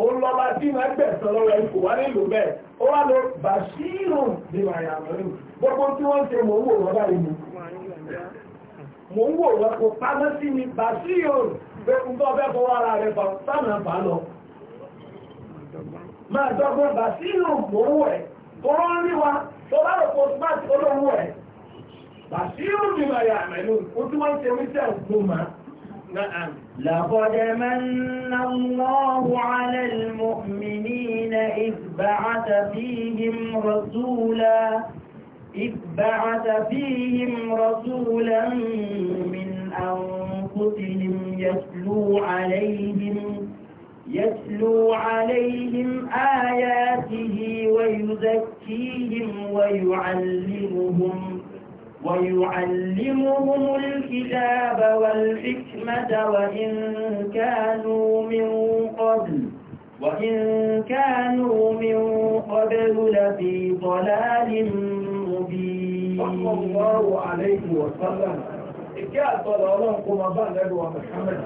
òun lọ́ba tí wọ́n gbẹ̀sán lọ́wọ́ ẹ̀ kò wá nílò bẹ́ẹ̀ ó wá lọ bàṣírùn ní àyàmọ́rin gbogbo tí wọ́n ṣe mò ń wò wọ́n báyìí ni mò ń wò wọ́n kò pamọ́ sí mi bàṣírùn pé n tó bẹ́ẹ̀ fọwọ́ ara rẹ̀ pa sánà bá lọ. máa dọ́gbọ́n bàṣírùn mò ń wọ̀ ẹ̀ tó rán rí wa tó bá rò post match olówó ẹ̀ bàṣírùn ní àyàmọ́rin ó tí wọ́n ṣe wíṣẹ́ لقد من الله على المؤمنين إذ بعث فيهم رسولا إذ بعث فيهم رسولا من أنفسهم يتلو عليهم يتلو عليهم آياته ويزكيهم ويعلمهم ويعلمهم الكتاب والحكمة وإن كانوا من قبل وإن كانوا من قبل لفي ضلال مبين صلى الله عليه وسلم إكاء ضلالهم قم ضلال ومحمد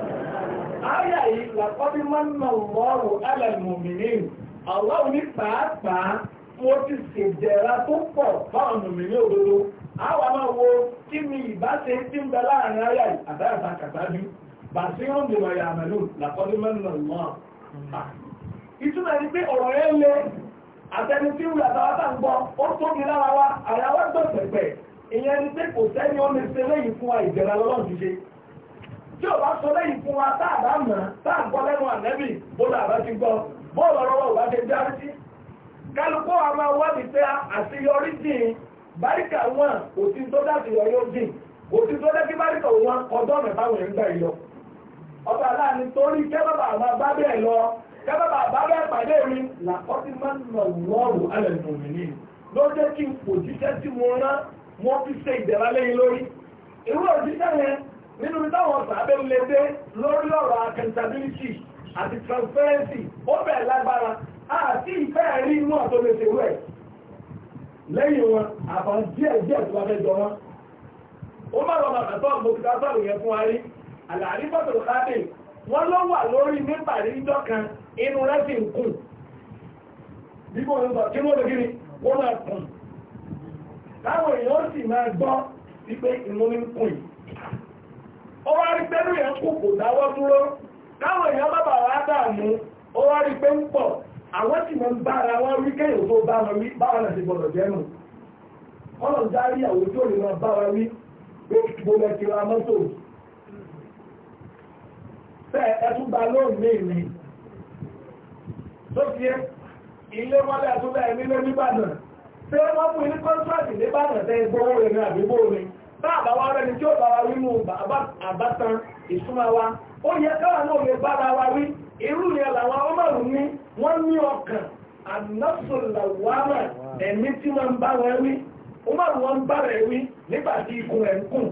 آية, آية لقد من الله على المؤمنين الله نفعت مع mo ti ṣèjẹra tó pọ̀ fáwọn àwa máa wo kí ni ìbáṣe tí ń bẹ láàrin ayá àdáyàtà kàtàjú bà sí ó lè wà yàmẹ̀lú làkọ́dé mẹ́rin náà ìtumọ̀ ni pé ọ̀rọ̀ yẹn le àtẹni tí wùlà tàwa tà ń gbọ́ ó tóbi lára wa àyà wa gbọ́ pẹ̀pẹ̀ ìyẹn ni pé kò sẹ́ni ó lè ṣe lẹ́yìn fún wa ìjẹ̀rẹ̀ lọ́lọ́run ti ṣe tí ò bá sọ lẹ́yìn fún wa táàbá mọ̀ táà gbọ́ lẹ́nu ànẹ́bì bóòlù àbá ti gbọ́ bóòlù ọ̀rọ̀ wa ò bá ṣe járí sí kálukú wa máa wá mi pé àṣeyọrí sí i báríkà wọn kò sí tó dáàbì yọ yóò jìn kò sí tó dẹ́kí báríkà wọn ọdọ́ mẹ́ta wọn ń gbà yọ ọba aláàánú torí kẹ́bàbà àwọn abábẹ́ lọ kẹ́bàbà àbábẹ́ pàdé mi làkọ́tí máa ń lọ wọ́ọ̀rù alẹ́ mọ̀mìnì ló jẹ́ kí n kò jíṣẹ́ tí mo rán wọ́n fi ṣe ìdẹ̀ra lẹ́yìn lórí irú òjíṣẹ́ yẹn nínú táwọn sàbẹ̀ lè dé lórí ọ̀rọ̀ accountability àti transparency ó bẹ̀ lágbára àti ìfẹ́ rí inú àtọ́lẹ̀ṣẹ̀wẹ̀ lẹ́yìn wọn àbá díẹ̀ díẹ̀ tó bá fẹ́ jọ wọn ó má lọ bàbà tó àgbò kíkà sọ̀rọ̀ yẹn fún arí àlàárí bọ́tò káàdì wọ́n ló wà lórí mẹ́bà níjọ́ kan inú rẹ̀ sì ń kùn bí mo lọ kí mo lọ kí ni wọ́n máa kùn táwọn èèyàn sì máa gbọ́ wípé inú ní àwọn tí wọ́n bára wọn rí kẹ́yìn tó bá wọn rí báwọn náà ti gbọdọ̀ jẹ́ nù wọ́n lọ dárí àwùjọ òní máa bára rí gbogbo ẹtì ra mọ́tò bẹ́ẹ̀ ẹtú ba lóun ní ìní tó fi ilé wọlé ẹtú bẹ́ẹ̀ nílé nìbàdàn tí wọ́n mú ilé kọ́ńtrátì nìbàdàn tẹ́ gbowó rẹ̀ ní àdúgbò rẹ̀ bá àbáwá rẹ̀ ni tí ó bára rí mú àbátan ìsúnmọ́ wa ó yẹ káwọn náà lè bára wa rí irú yẹn làwọn ọmọ òun ní wọ́n ní ọkàn ànásòlàwárà ẹ̀mí tí wọ́n ń bá wọn wí ó máa wọ́n ń bá rẹ̀ wí nígbà tí ikùn rẹ̀ ń kùn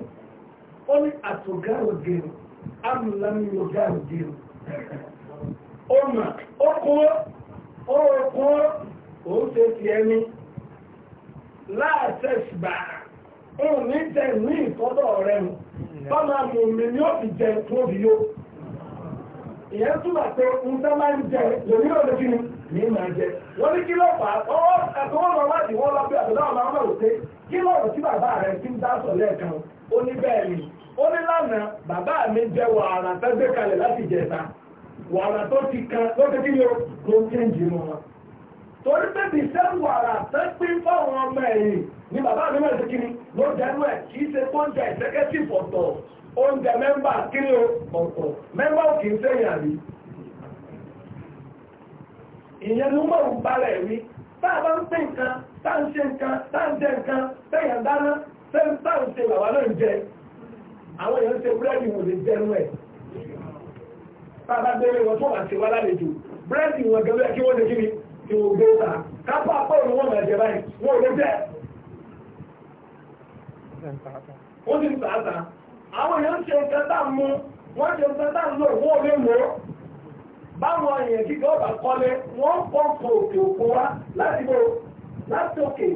ó ní àtògárògèrò amúlámiyògárògèrò ó mà ó kún ó ṣe ti ẹni láàṣẹ̀ṣìbà òun ní jẹ́ ní ìtọ́dọ̀ rẹ̀ mu bá máa mi ní tó ìyẹn túmọ̀ pé ń tán máa ń jẹ lórí òde kí ni ní máa jẹ wọ́n ní kí ló fà á ọwọ́ àtọwọ́ lọ wá ìwọ́ lọ bí àtọ̀dá ọmọ ọmọ rò pé kí lọ́rọ̀ tí bàbá rẹ̀ ti ń dá sọ lẹ́ẹ̀kan ó ní bẹ́ẹ̀ ni ó ní lánàá bàbá mi jẹ wàrà tó gbé kalẹ̀ láti jẹta wàrà tó ti kan ló ti kí ni ó ló ń tẹ́ ń jì mọ́ wọn. torí pé bí sẹ́rù wàrà tó pín fáwọn ọmọ ẹ̀yìn ni bàbá mi máa ti kí ni ló jẹ́ nú ẹ̀ kì í ṣe kó ń jẹ ìsẹ́kẹ́sì pọ̀tọ̀ oúnjẹ mẹ́mbà kiri ọ̀pọ̀ mẹ́mbà kìí sẹ́yìn àrí ìyẹn ló mọ̀ ń balẹ̀ rí tá a bá ń pín nǹkan tá ń ṣe nǹkan tá ń jẹ nǹkan sẹ́yìn dáná sẹ́yìn tá ń ṣe bàbá náà ń jẹ àwọn èèyàn ṣe búrẹ́dì wò lè jẹnu ẹ̀ tá a bá gbélé wọn tó wà sí wa lálejò búrẹ́dì wọn gẹ́gẹ́ kí wọ́n lè kí ni kí wọ́n gbé ta kápá apá òun wọn máa jẹ báyìí wọn ò lè jẹ. ó sì ń tààtà àwọn èèyàn ṣe nǹkan tá mú wọ́n ṣe nǹkan tá lò wọ́n lè mọ́ báwọn èèyàn kíkẹ́ ọ̀bà kọ́lé wọ́n pọ̀pọ̀ òkè òkú wá láti bò láti òkè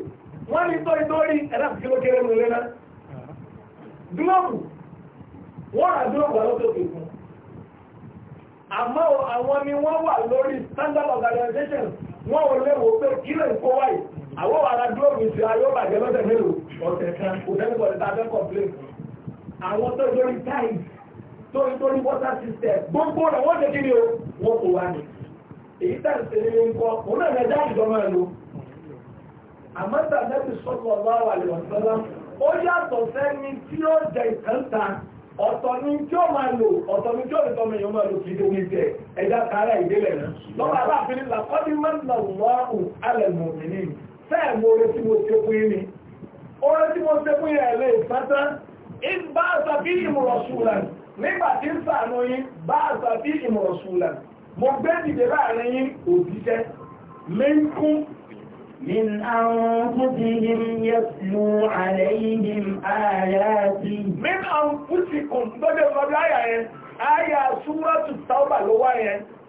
wọ́n ní tó ìdórí ẹ̀dá fi ló kéré mú lẹ́nà gílọ́ọ̀bù wọ́n rà gílọ́ọ̀bù wà lókè òkè fún àmọ́ àwọn ni wọ́n wà lórí standard organization wọ́n ò léwo pé kílẹ̀ ń kó wáyé àwọn ará gílọ́ọ̀bù ti ayọ́bàjẹ́ lọ́tẹ̀ mélòó ọ̀tẹ̀ kan kò tẹ́lẹ̀ àwọn tó lórí táì tó lórí water system gbogbo rẹ̀ wọ́n tẹ́kí ni o wọ́n kò wá ní èyí tá ìṣe ní nǹkan òun náà lẹ́dá ìjọba ẹ̀ lò àmọ́ tàbí sọ́kọ̀ ọ̀la wà lè wọ́n sọ́lá ó yàtọ̀ sẹ́ni tí ó jẹ ìkàntà ọ̀tọ̀ ni tí ó máa lò ọ̀tọ̀ ni tí ó lè tọ́mọ èèyàn máa lò kìí tó wípé ẹja tààrà ìdílẹ̀ náà lọ́wọ́ aláàfin ní làkọ́dí mẹ́ta wọ́ọ̀hù alẹ́mù òmìnir fẹ́ẹ̀ mo retí in bá sàbí ìmọ̀rọ̀sùlà nígbà tí ń sàánú yín bá sàbí ìmọ̀rọ̀sùlà mo gbé dìde láàrin yín òbíṣẹ́ mẹ́kún من أنفسهم يتلو عليهم آياتي من أنفسكم بدل مبلايا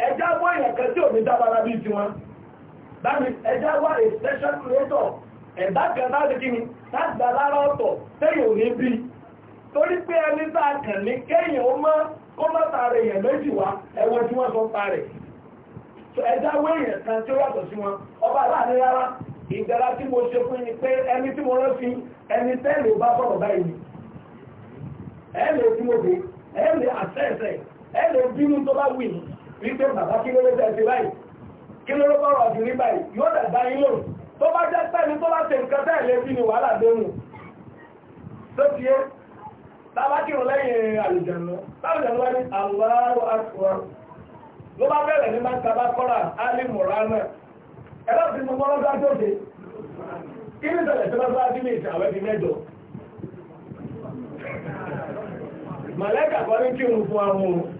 ẹjá wá èèyàn kan tí ò ní dábára bí tiwọn bámi ẹjá wá a special creator ẹ̀dá kan láti kí ni láti dá lára ọ̀tọ̀ téèyàn ò ní bí torí pé ẹni tá a kàn ní kéèyàn ó mọ́ kó má tààrẹ èèyàn méjì wá ẹwọ́n tí wọ́n sọ tààrẹ̀ ẹjá wá èèyàn kan tí ó yàtọ̀ sí wọn ọba láàrin rárá ìdára tí mo ṣe fún ni pé ẹni tí mo rán sí ẹni tẹ́lẹ̀ bá sọ̀rọ̀ báyìí ẹ lè tí mo dé ẹ lè àṣẹ ẹ̀ṣẹ̀ lè bínú tó bá wù yìí wípé bàbá kí ló ló tẹ́ ṣe báyìí kí ló ló bọ̀rọ̀ ọ̀dùn ní báyìí yóò dàgbà yín lò tó bá jẹ́ pẹ́ni tó bá ṣe nǹkan tẹ́ lé sí ni wàhálà dénú tó ti yé bàbá kírun lẹ́yìn àlùjànnú láwùjànnú wá ní Allahu Akbar ló Ali Murana ẹ bá fi mú mọ́rọ́ bá dóde kí ní ìṣẹ̀lẹ̀ tí wọ́n bá dín ní ìṣàwẹ́ fi mẹ́jọ mọ̀lẹ́kà kọ́ ní fún àwọn ohun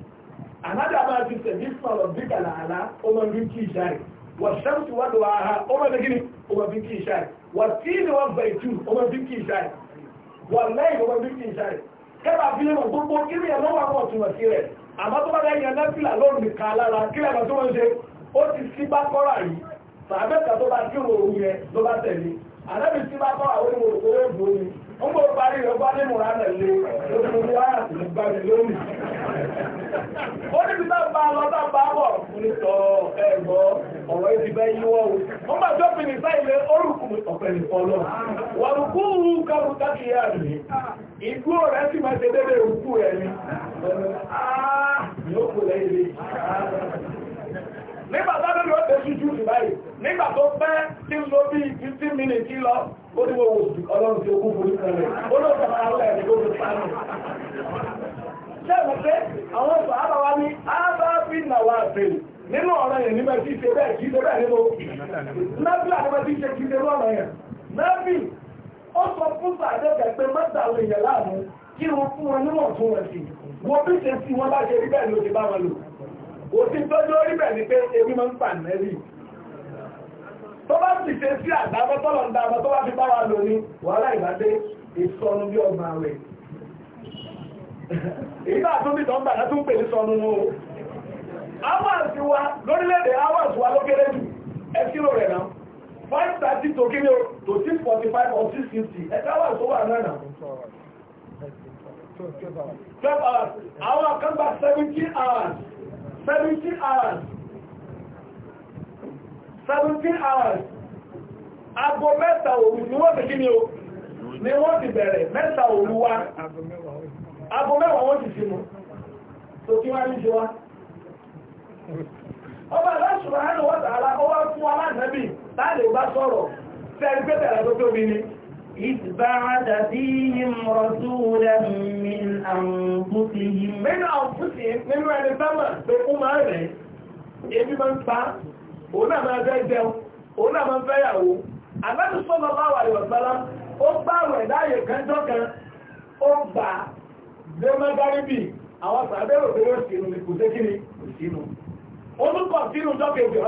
ànájà máa ti tẹ̀lé sọ̀rọ̀ bí kàlàlà ó máa ń rí kí ìṣá rẹ̀ wọ̀ṣẹ́m tí wọ́n dùn àhá ó máa ń kí ni ó máa ń kí ìṣá rẹ̀ wọ́n tí ni wọ́n bẹ̀ tù ó máa ń kí ìṣá rẹ̀ wọ́n lẹ́yìn ó máa ń kí ìṣá rẹ̀ kẹ́bà fi lè mọ̀ gbogbo kí ni ẹ̀rọ wà wọ̀ tùmọ̀ sí rẹ̀ àmọ́ tó bá dá yẹn náfìlà lónìí kan lára kí lẹ́nu tó ń ṣe ó ti sí bá kọ́ra yìí sàbẹ́ta tó bá kí òun yẹn ló bá tẹ̀lé àlẹ́bí sí bá kọ́ra ó ní mo rò pé ó ń ó ní ń bò parí rẹ̀ bá ní mùrà nà lé lórí wáyà tó ní gbá mi lónìí. ó ní bí náà bá lọ náà bá wọ̀ nítọ̀ ẹ̀gbọ́ ọ̀rọ̀ ibi bẹ́ yíwọ́ o. wọ́n máa jọ fi nìta ilé orúkú ọ̀pẹ nìkan lọ. wàlùkú wù kàwù kákìyà mi. ìgbó rẹ̀ sì máa ṣe dédé òkú rẹ̀ ni. yóò kó lẹ́yìn lé. nígbà tó bí fifteen minutes yìí lọ ó ní wọ́n ọlọ́run ti ogún forí kan rẹ̀ ó ló sọ àwọn ẹ̀rí tó fi pàánù. sẹ́ẹ̀mù pé àwọn sọ àbáwá ní ábábí nàwa àbẹ̀lì nínú ọ̀rọ̀ yẹn nígbà tí ṣe bẹ́ẹ̀ kí ṣe bẹ́ẹ̀ nínú nábìlì àti bẹ́ẹ̀ tí ṣe kí ṣe lọ́rọ̀ yẹn nábì ó sọ fún sàdẹ́gbẹ̀ pé mẹ́ta lè yẹ̀ láàmú kí wọ́n fún wọn níwọ̀n tún wọn sí wọ́n bí ṣe sí wọn bá ṣe rí bẹ́ẹ̀ ló ti bá wọn lò òsì tọ́jú orí bẹ́ẹ̀ ni pé ebi máa ń pàǹdẹ́rì tó bá sì ṣe sí àdábọ́ tọ́lọ̀ ń dábọ́ tó bá fi bá wa lò ní wàhálà ìbádé ìsọnù bí ọgbà rẹ̀ èyí bá tún bí tọ́ǹbà náà tún pè ní sọnù nù o hours wa lórílẹ̀-èdè hours wa ló kéré jù ẹ kí ló rẹ̀ náà five thirty to kí ni to six forty five or six fifty ẹ ká wà tó wà náà náà twelve hours àwọn seventeen hours seventeen hours 17 hours aago mẹ́ta òru ni wọ́n ti kí ni o ni wọ́n ti bẹ̀rẹ̀ mẹ́ta òru wá aago mẹ́wàá wọ́n ti sinú tó kí wọ́n ní ṣe wá ọba aláṣùwà hánà wọ́n fún bá sọ̀rọ̀ fẹ́rí pé bẹ̀rẹ̀ tó ni òun náà máa fẹ́ jẹun òun náà máa fẹ́ yàwó àbẹ́bí sọ́nà báwà ìwọ̀sálá ó gbàwẹ̀ láàyè kẹjọ kan ó gbà dé mọ́gáríbì àwọn sàbẹ̀rò pé ó sínú ní kò sékìní kò sínú olùkọ́ sínú jọ́kejì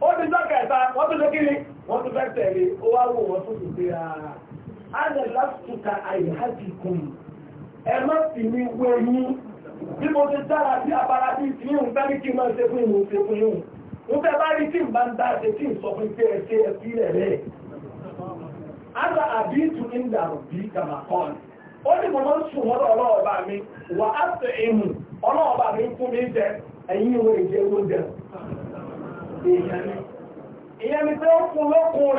ó ti jọ́kẹta wọ́n tó sékìní wọ́n tó tẹ̀lé ó wá wò ẹ má sì ní wé yín bí mo ti dára abara bí ti yín bá kí máa ṣe fún ìwọ̀n fún yín mo fẹ́ bá rí tí n bá ń dá ṣe tí n sọ fún pé ẹ na ẹ rẹ̀ ara àbí ìtù ní ìdàrú bí kàmá ó ní mo máa ń sùn mọ́tò ọlọ́ọ̀bá mi wà á sì ìmù ọlọ́ọ̀bá mi fún mi jẹ ẹ̀yìn ìwé ìyẹn ni pé ó fún lókun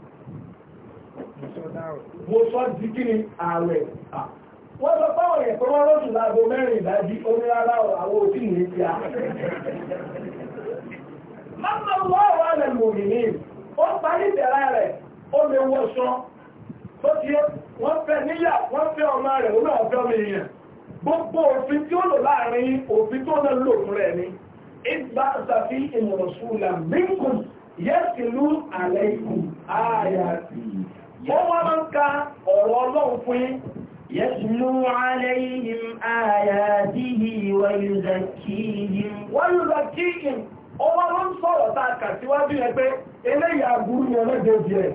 mo sọ di kí ni ààrẹ wọ́n sọ pé àwọn ẹ̀kọ́ wọn rọ́ọ̀tù láago mẹ́rin ìdájí omi rárá àwọn òtí mi ní kíá. máma wọ ọ̀rọ̀ alẹ́ lòmì ní ó parí ìbẹ̀rẹ̀ rẹ̀ ó lè wọṣọ tó ti wọ́n fẹ́ níyà wọ́n fẹ́ ọmọ rẹ̀ ó náà fẹ́ ọmọ èèyàn gbogbo òfin tí ó lò láàrin òfin tó náà lò fún rẹ̀ ni ìgbà àtàfi ìmọ̀ràn sùn yẹ́sìlú àlẹ́ ikù wọ́n wá máa ń ka ọ̀rọ̀ ọlọ́run fún sọ̀rọ̀ tààkà síwájú yẹn pé eléyìí aburú ni ẹlẹ́dẹ̀ẹ́dì ẹ̀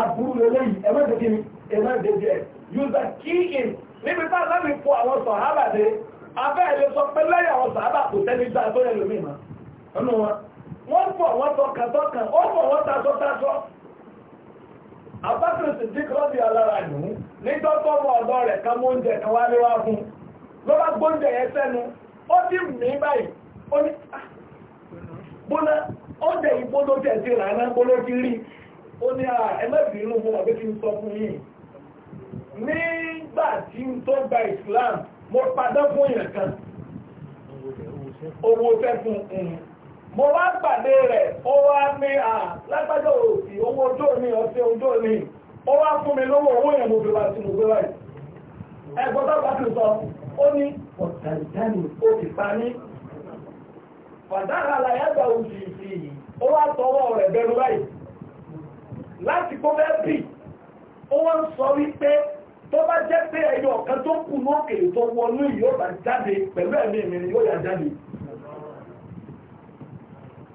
aburú ni eléyìí ẹlẹ́dẹ̀ẹ́dì ni ẹlẹ́dẹ̀ẹ́dì ẹ̀ kí in níbi fún àwọn sọ̀hábà dé ẹ̀lẹ́ sọ pé lẹ́yìn àwọn sọ̀hábà àbákùnsì díkọ́bì alára nù nígbọ́tọ́ ọmọ ọ̀dọ́ rẹ̀ kan mú oúnjẹ kan wá léwá fún ló bá gbóúnjẹ yẹn sẹ́nu ó ti mí báyìí ó ní ah, bóná oúnjẹ yìí bó ló tẹ̀ sí ìlànà bó ló ti rí ó ní ẹlẹ́bìí inú fún ọ̀gbẹ́ tí ń sọ fún yìí nígbà tí ń tó gba Islam mo padà fún yẹn kan owó fẹ́ fún un mo wá pàdé rẹ̀ ó wá ní à lágbájọ́ òsì owó ojú mi ọ̀sẹ̀ ojú mi ó wá fún mi lówó owó yẹn mo fi wá sí mo gbé wáyé ẹgbọ́n tó bá ti sọ ó ní ọ̀tàlítàní ó ti pa ní fàdára aláyàgbà òsì ìsì yìí ó wá tọwọ́ rẹ̀ bẹ̀rù báyìí láti kó fẹ́ bì ó wá ń sọ wípé tó bá jẹ́ pé ẹyọ ọ̀kan tó kù lókè tó wọnú yóò bá jáde pẹ̀lú ẹ̀mí mi ni yóò yà jáde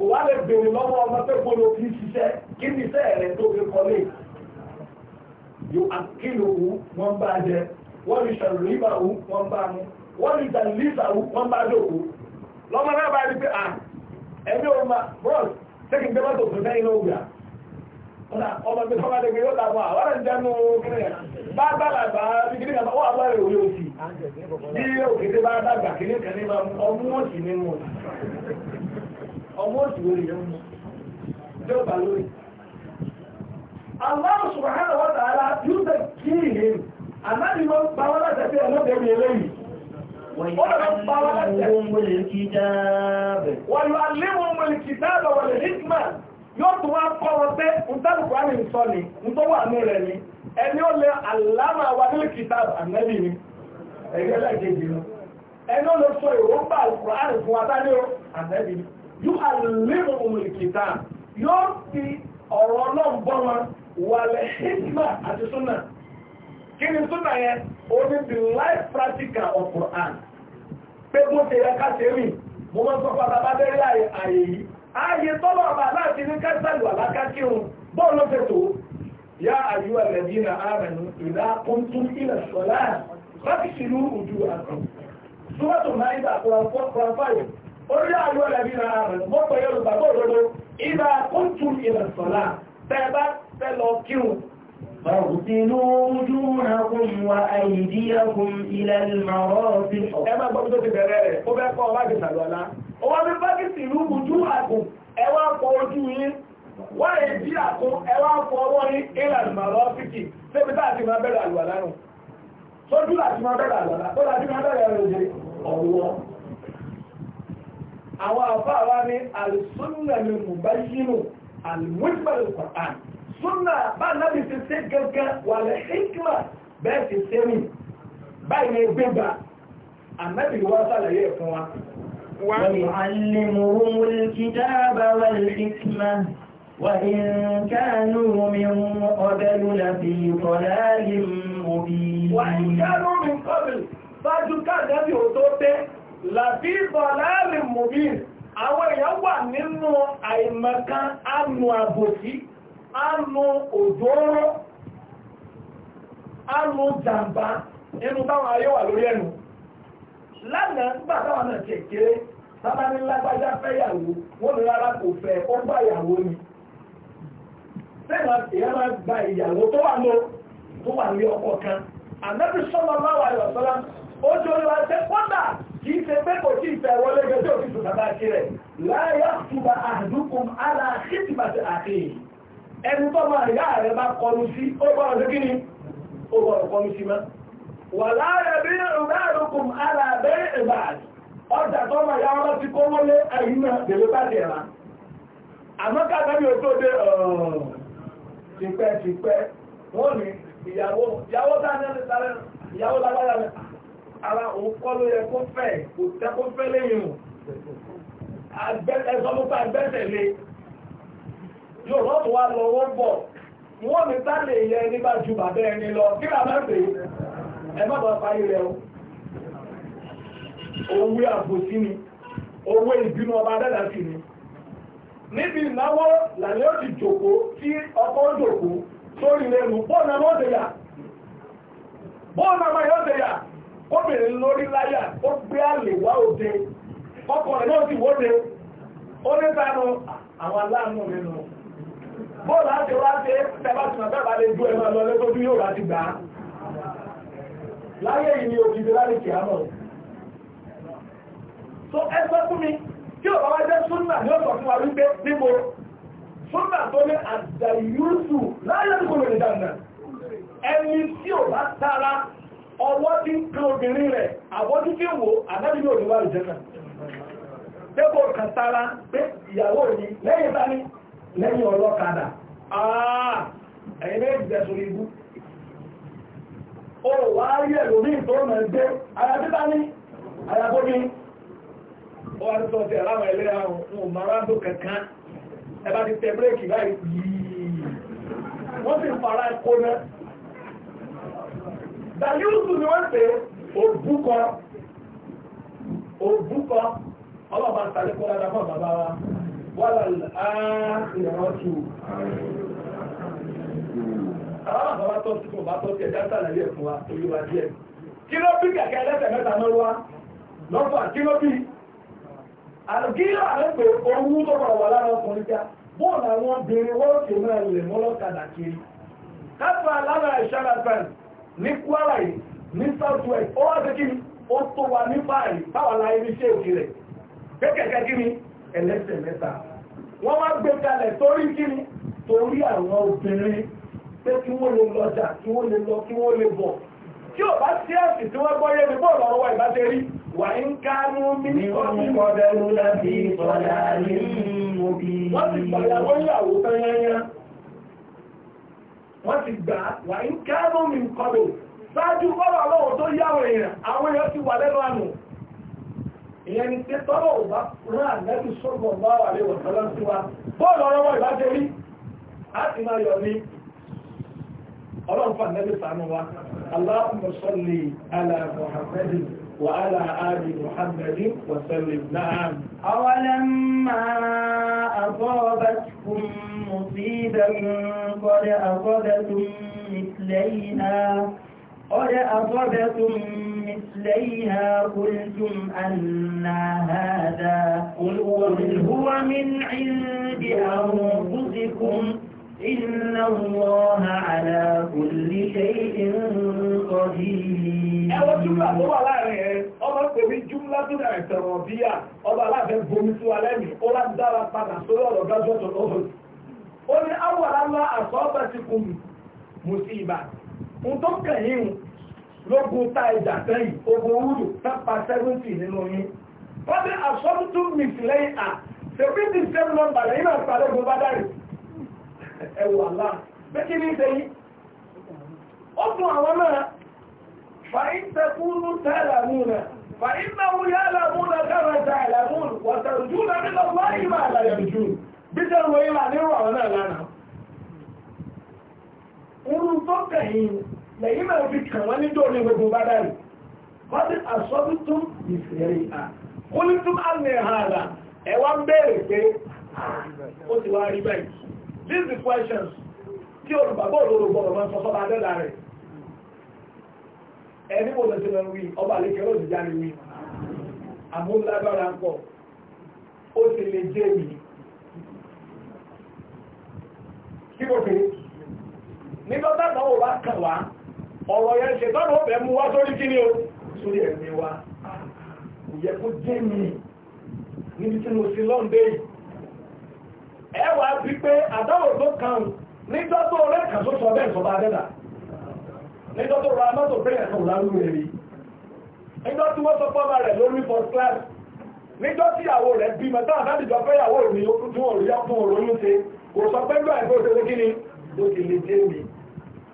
o lè bèèrè lọ́wọ́ ọmọ pé gbọ́dọ̀ kí ṣiṣẹ́ kí n ṣiṣẹ́ rẹ̀ tó fi kọ́lé yóò àkílò wù wọ́n bá jẹ wọ́n lè ṣàrò wù wọ́n bá mú wọ́n lè wù wọ́n bá lọ́mọ náà bá rí pé à ah, ẹ̀mí bros tẹ́kì ń gbẹ́mọ́tò fún sẹ́yìn náà wùyà ọmọ mi kọ́má dẹ́gbẹ́ yóò tàbọ̀ àwọn ọ̀rẹ́ bá dàgbà ọmọ òṣìwò rẹ̀ mú ìjọba lórí Allah subhanahu wa ta'ala yóò tẹ̀ kí ìhìn àmáàlì ló ń pa wọ́n láti ẹ̀fẹ́ ọlọ́bẹ̀rẹ̀ eléyìí ويعلمهم الكتاب والحكمة yóò tún wá kọ́ wọn pé ǹtàbùkù àmì ìsọ ni ǹtọ́ wà ní rẹ̀ ni ẹni ó lè àlámà wà nílé kìtàbù àmẹ́bì ni ẹgbẹ́ lẹ́gbẹ̀ẹ́ ẹni ó lè sọ ìwọ́n bá àlùkù àrùn fún wa tá ní ó àmẹ́bì ni yóò àlèrò ohun ìkìtà yóò fi ọ̀rọ̀ ọlọ́run bọ́ wọn wàlẹ̀ hikma àti súnà kí ni súnà yẹn ó ní the life practical of Quran pé bó ṣe yẹ ká ṣe rí mo máa ń sọ padà bá dẹ́rẹ́ àyè yìí ààyè tọ́lọ̀ ọba láti ní kásálù alákákírun bọ́ọ̀ ló ṣètò yá àyú ẹ̀lẹ́bí na ààrẹ̀nu ìdá kúntún ilẹ̀ sọ́lá láti ṣìlú ojú àkàn súwọ́tò náírà kúrọ̀fáyọ̀ orí àwọn ẹ̀bí na ààrùn mọ́ pẹ̀lú olùgbàgbọ́ òdodo ìgbà kóńtù ìrẹ̀sọ̀lá tẹ́ bá fẹ́ lọ kírun فاغسلوا وجوهكم وأيديكم إلى المرافق ẹ máa gbọ́ bí tó ti bẹ̀rẹ̀ rẹ̀ ó bẹ́ kọ́ ọba ìṣàlọ́lá ó wá àti máa bẹ̀rẹ̀ àlùwàlá tó láti máa bẹ̀rẹ̀ rẹ̀ òjè ọ̀wọ́ àwọn àbá wa ní alùsùnà mi mú bá yínú alùmújúbàlù kọ̀tán súnà bá nábì ti ṣe gẹ́gẹ́ wà lẹ́ hikma bẹ́ẹ̀ ti ṣe mí báyìí ní gbégbà ànábì wá sàlàyé fún wa. ويعلمهم الكتاب والحكمة وإن كانوا من قبل لفي ضلال مبين وإن كانوا من قبل فاجوا كان نبي وتوبه làbí bọ̀láàrì mòbí àwọn èèyàn wà nínú àìmọ̀kan ánù àbòsí ánù òjòòrò ánù jàǹbá inú táwọn ayé wà lórí ẹnu lánàá nígbà táwọn náà kékeré sábà ní lágbájá fẹ́yàwó wọ́n lè rárá kò fẹ́ ó gbà ìyàwó ni fẹ́ràn èèyàn máa gba ìyàwó tó wà lọ tó wà ní ọkọ̀ kan ànábì sọ́mọ máa wà lọ́sọ́lá ó jọ kì í ṣe pé kò tí ì fẹ́ wọlé gẹ́gẹ́ tí òfin sọ̀tà bá ti rẹ̀ láyé àtúbà àdúkùn ara àkìtìbàtì àti ẹni tó máa rí ààrẹ bá kọlu sí ó gbọ́dọ̀ sí kíni ó gbọ́dọ̀ kọlu sí mọ́ wà láyé bí ìrùbárùkùn ara abẹ́ ìbàdì ọjà tó máa yá wọn ti kó wọlé ẹ̀yìn náà bèbè bá ti rà àmọ́ káàkiri mi ò tó dé tipẹ́tipẹ́ ara òun kọ́ ló yẹ kó fẹ́ kò tẹ́ kó fẹ́ lẹ́yìn ẹ̀sọ́ ló pa agbẹ́sẹ̀lé yóò rọ́tù wá lọ wọ́n bọ̀ wọ́n ní tá lè yẹ nígbà ju bàbá ẹni lọ kí a bá pè é ẹ má parí rẹ o owó àbòsí ni owó ìbínú ọba dẹ́dà sí ni níbi ìnáwó làlẹ́ ó ti jòkó tí ọkọ̀ ó jòkó sórí lẹ́nu bọ́ọ̀nà mọ́ ṣe yà bọ́ọ̀nà mọ́ obìnrin lórí láyà ó gbé àlè wá òde ọkùnrin náà sì wóde ó ní sánú àwọn aláàánú nínú bóòlù láti wá ṣe tẹ́bàtìmọ̀ tẹ́bà lè ju ẹ̀mọ́ lọ lẹ́tọ́jú yóò láti gbà á láyé yìí ni òkìdí láti kì á mọ̀ so ẹgbẹ́ fún mi tí ò bá wá jẹ́ súnà ní ọ̀sọ̀ fún wa wípé níbo súnà tó ní àdàyúsù láyé tí kò lè dànù ẹni tí ò bá tara ọwọ́ tí ń kan obìnrin rẹ̀ àwọ́jú tí wò àdájú yóò níwà ìjẹ́nà dẹ́kọ̀ kan tara pé ìyàwó ní lẹ́yìn bá ní lẹ́yìn ọlọ́kadà àà ẹ̀yìn méjì bẹ̀sùn ibú ó wá rí ẹ̀lòmí tó mọ̀ gbé ayabíta ní ayabóní ó wá títọ́ sí ẹ̀láwọ̀ ẹlẹ́ra ohun marando kankan ẹbá ti tẹ bírèkì báyìí wọ́n sì fara kó náà dàyúùsù ni wọ́n pè òbúkọ òbúkọ ọlọ́ọ̀bá tàlékọ́ lára fún bàbá wa wọ́lá ìrántù àwọn bàbá tó sí fún bàbá tó tẹ̀ dá sàlàyé fún wa olúwa díẹ̀ kí ló bí kẹ̀kẹ́ ẹlẹ́sẹ̀ mẹ́ta náà wá lọ́fà kí ló bí àlùkíyà rẹ̀ pé owó tó bọ̀ wà lára ọkùnrin já bọ́ọ̀lù àwọn obìnrin wọ́n ti máa lè mọ́lọ́kadà kiri káfà lára ìṣára fẹ́ǹsì ní Kwara yìí ní South West ó wá sí kí ni ó tó wa ní báyìí báwa la ibi ṣe òkè rẹ̀ kékèké kí ni ẹlẹ́sẹ̀ mẹ́ta wọ́n wá gbé kalẹ̀ torí kí ni torí àwọn obìnrin pé kí wọ́n lè lọ́jà kí wọ́n lè lọ kí wọ́n lè bọ̀ tí ò bá sí ẹ̀sìn tí wọ́n gbọ́ mi bọ́ọ̀lù ọ̀rọ̀ wa ìbáṣe rí wà ń kánú mi ní ọdún kọ́dẹ́rú láti ìtọ́jà ní mọ́bí. wọ́n ti pàyàwó ìyàwó tán yányá wọ́n ti gbà wà ń kẹ́rù mi kọ́dọ̀ sáájú kọ́rọ̀ ọlọ́wọ́ tó yáwọ̀ èèyàn àwọn èèyàn ti wà lẹ́nu àmù ìyẹn ni pé tọ́lọ̀ ò bá rán àlẹ́bí sọ́gbọ̀n bá wà lè wọ̀tọ́lọ́ sí wa bọ́ọ̀lù ọlọ́wọ́ ìbájẹ́ rí a ti máa yọ ní ọlọ́run fún àlẹ́bí sànú wa Allahumma salli ala Muhammadin وعلى آل محمد وسلم نعم أولما أصابتكم مصيبا قد أخذتم مثليها قد أصبتم مثليها قلتم أن هذا قل هو من عند أنفسكم إن الله على كل شيء قدير ẹwọ́ júmọ́ tó wà láàrin ẹ̀ ọmọ pè mí júmọ́ tó dà ìtọ̀rọ̀ bí yà ọba aláàfẹ́ bomi sí wa lẹ́nu ó láti dára padà sórí ọ̀rọ̀ gájọ́ tó lọ́wọ́ ó ní awọ aláwọ àsọ́ọ́bà ti kù mú sí ibà ń tó kẹ̀yìn lógun ta ìjà sẹ́yìn ogun wúlò tápa sẹ́fúntì nínú yín wọ́n ní àsọ́ọ́tún mi sílẹ̀ à ṣèpín ti sẹ́mu nọ́mbà lẹ́yìn náà pàdé bá dárì ẹ̀wọ̀ pé kí ní ṣe yí ó fún àwọn náà فإن تكونوا تعلمون فإنه يعلمون كما تعلمون وترجون من الله ما لا يرجون بدل ويلا نروى ولا لنا Orun tó kẹ̀yìn lẹ́yìn máa fi kàn wọ́n níjọ́ ní gbogbo bá dárì. Wọ́n ti àṣọ́bí tún ìfẹ̀rẹ̀ à. Ó ní tún àmì ààrà ẹ̀wà ń pé ó ti wá rí bẹ́ẹ̀. These questions tí olùgbàgbọ́ olóró gbọ́dọ̀ máa sọ sọ́ba rẹ̀. ẹni mo lọ sí lọ wí ọba àlejò ọlọ́dún jáde wí àmúlágbára ń pọ̀ ó sì lè jẹ́ mi kí mo fi nígbà táwọn ò bá kàn wá ọ̀rọ̀ yẹn ṣe tọ́nà ni o sórí ẹ̀mí wa kò yẹ kó jẹ́ mi níbi tí mo sí lọ́ndé ẹ wàá bí pé àdáwò tó nígbà tó ra mọ́tò bẹ́ẹ̀ tó lárú rẹ̀ nígbà tí wọ́n sọ pọ́nà rẹ̀ lórí first class nígbà tí ìyàwó rẹ̀ bí mẹ́ta àdájìjọ fẹ́yàwó mi ó tún òrìyá fún òròyún ṣe kò sọ pé gbọ́ ẹ̀kọ́ òṣèré kí ni ó ti lè dé mi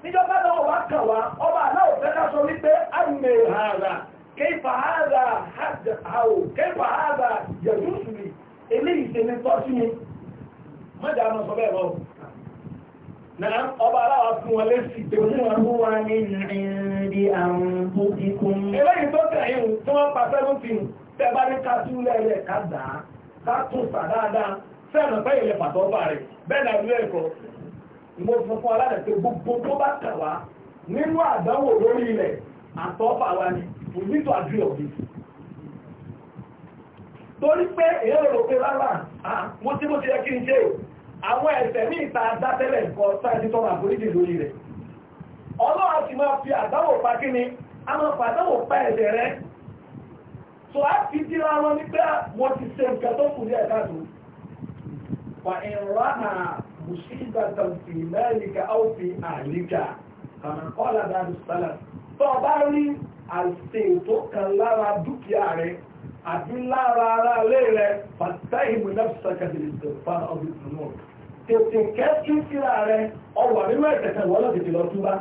níjọ́ bẹ́ẹ̀ náà wá kàn wá ọba aláwọ̀ fẹ́ ká sọ wípé àmì ààrà kéfà ààrà àwò kéfà ààrà yẹ̀dúsùlì eléyìí ṣe ní tọ́sí mi mọ́jà máa sọ bẹ́ẹ̀ náà náà ọba aláwọ̀ fún wọn lẹ́sì pé wọ́n wọ́n mú wa ní ìrìnrìn àrùn tó ti kún. eléyìí tó tẹ̀yìn tí wọ́n pa sẹ́fúntìn tẹ́ bá ní kású lẹ́lẹ̀ ká dà á ká tún sà pàtó bá rẹ̀ bẹ́ẹ̀ náà ló ẹ̀kọ́. mo sọ fún aládàá pé gbogbo tó bá kà wá nínú àdánwò lórí ilẹ̀ àtọ́fà wa ni we need to agree on this torí pé èyí ò rò pé rárá ah, mo tí àwọn ẹ̀ṣẹ̀ ní ìta dátẹ́lẹ̀ nǹkan sáàtì tọ́nà àforíjì lórí rẹ̀ ọlọ́run ti máa fi àdáwò pa kí ni a máa fa àdáwò pa ẹ̀ṣẹ̀ rẹ̀ tó a fi díra wọn ní pé wọ́n ti ṣe nǹkan tó kù ní ẹ̀ka tó fa ìrànà musibatan fi mẹ́rìnká ó fi àlíkà kàmàkọ́lá dáadù sálà tó bá rí àṣẹ tó kan lára dúkìá rẹ̀ àbí lára ara lé rẹ̀ pàtàkì mú náà sàkàdìlì tó fa ọdún tó tètè kẹ́kí síra rẹ ọwà nínú ẹ̀tẹ̀tẹ̀ wọ́n lọ tètè lọ túbá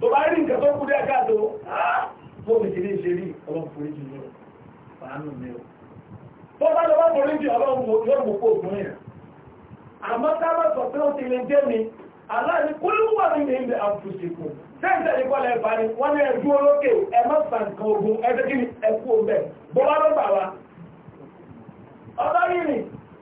tó bá rí nǹkan tó kú dé káàtó mo mi ti ní ṣe rí ọlọ́run forí jù ní ọ̀pánù mi o tó bá lọ́wọ́ forí jù ọlọ́run yóò mú kó ògùn yẹn àmọ́ ká má sọ pé ó ti lè jẹ́ mi aláàní kúlúwà ní ní ilẹ̀ àfúsìkò tẹ́ǹtẹ́ ìkọlẹ̀ ẹ̀bá ni wọ́n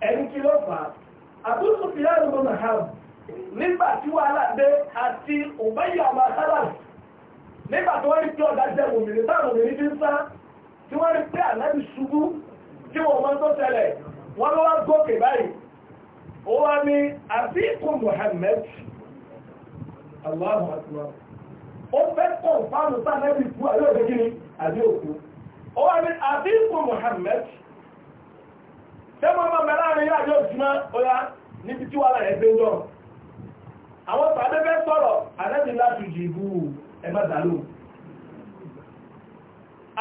ẹ̀yìn kí ló fà á fi láàrín mọ́nà ham nígbà tí wàhálà dé àti òbẹ́yà ọmọ sálà nígbà tí wọ́n rí pé ọ̀dà jẹ́ òmìnir táwọn òmìnir fi ń sá tí wọ́n rí pé ṣubú tí wọ́n mọ́ tó wọ́n gòkè báyìí ó wá ní àbíkù tẹ́mọ̀ ọmọ mẹ́rin láàrin yóò àjọ òjúmọ́ ọya níbi tí wà láyé gbé jọ àwọn tàbí fẹ́ sọ̀rọ̀ láti jì ìbú ẹgbẹ́ dàlú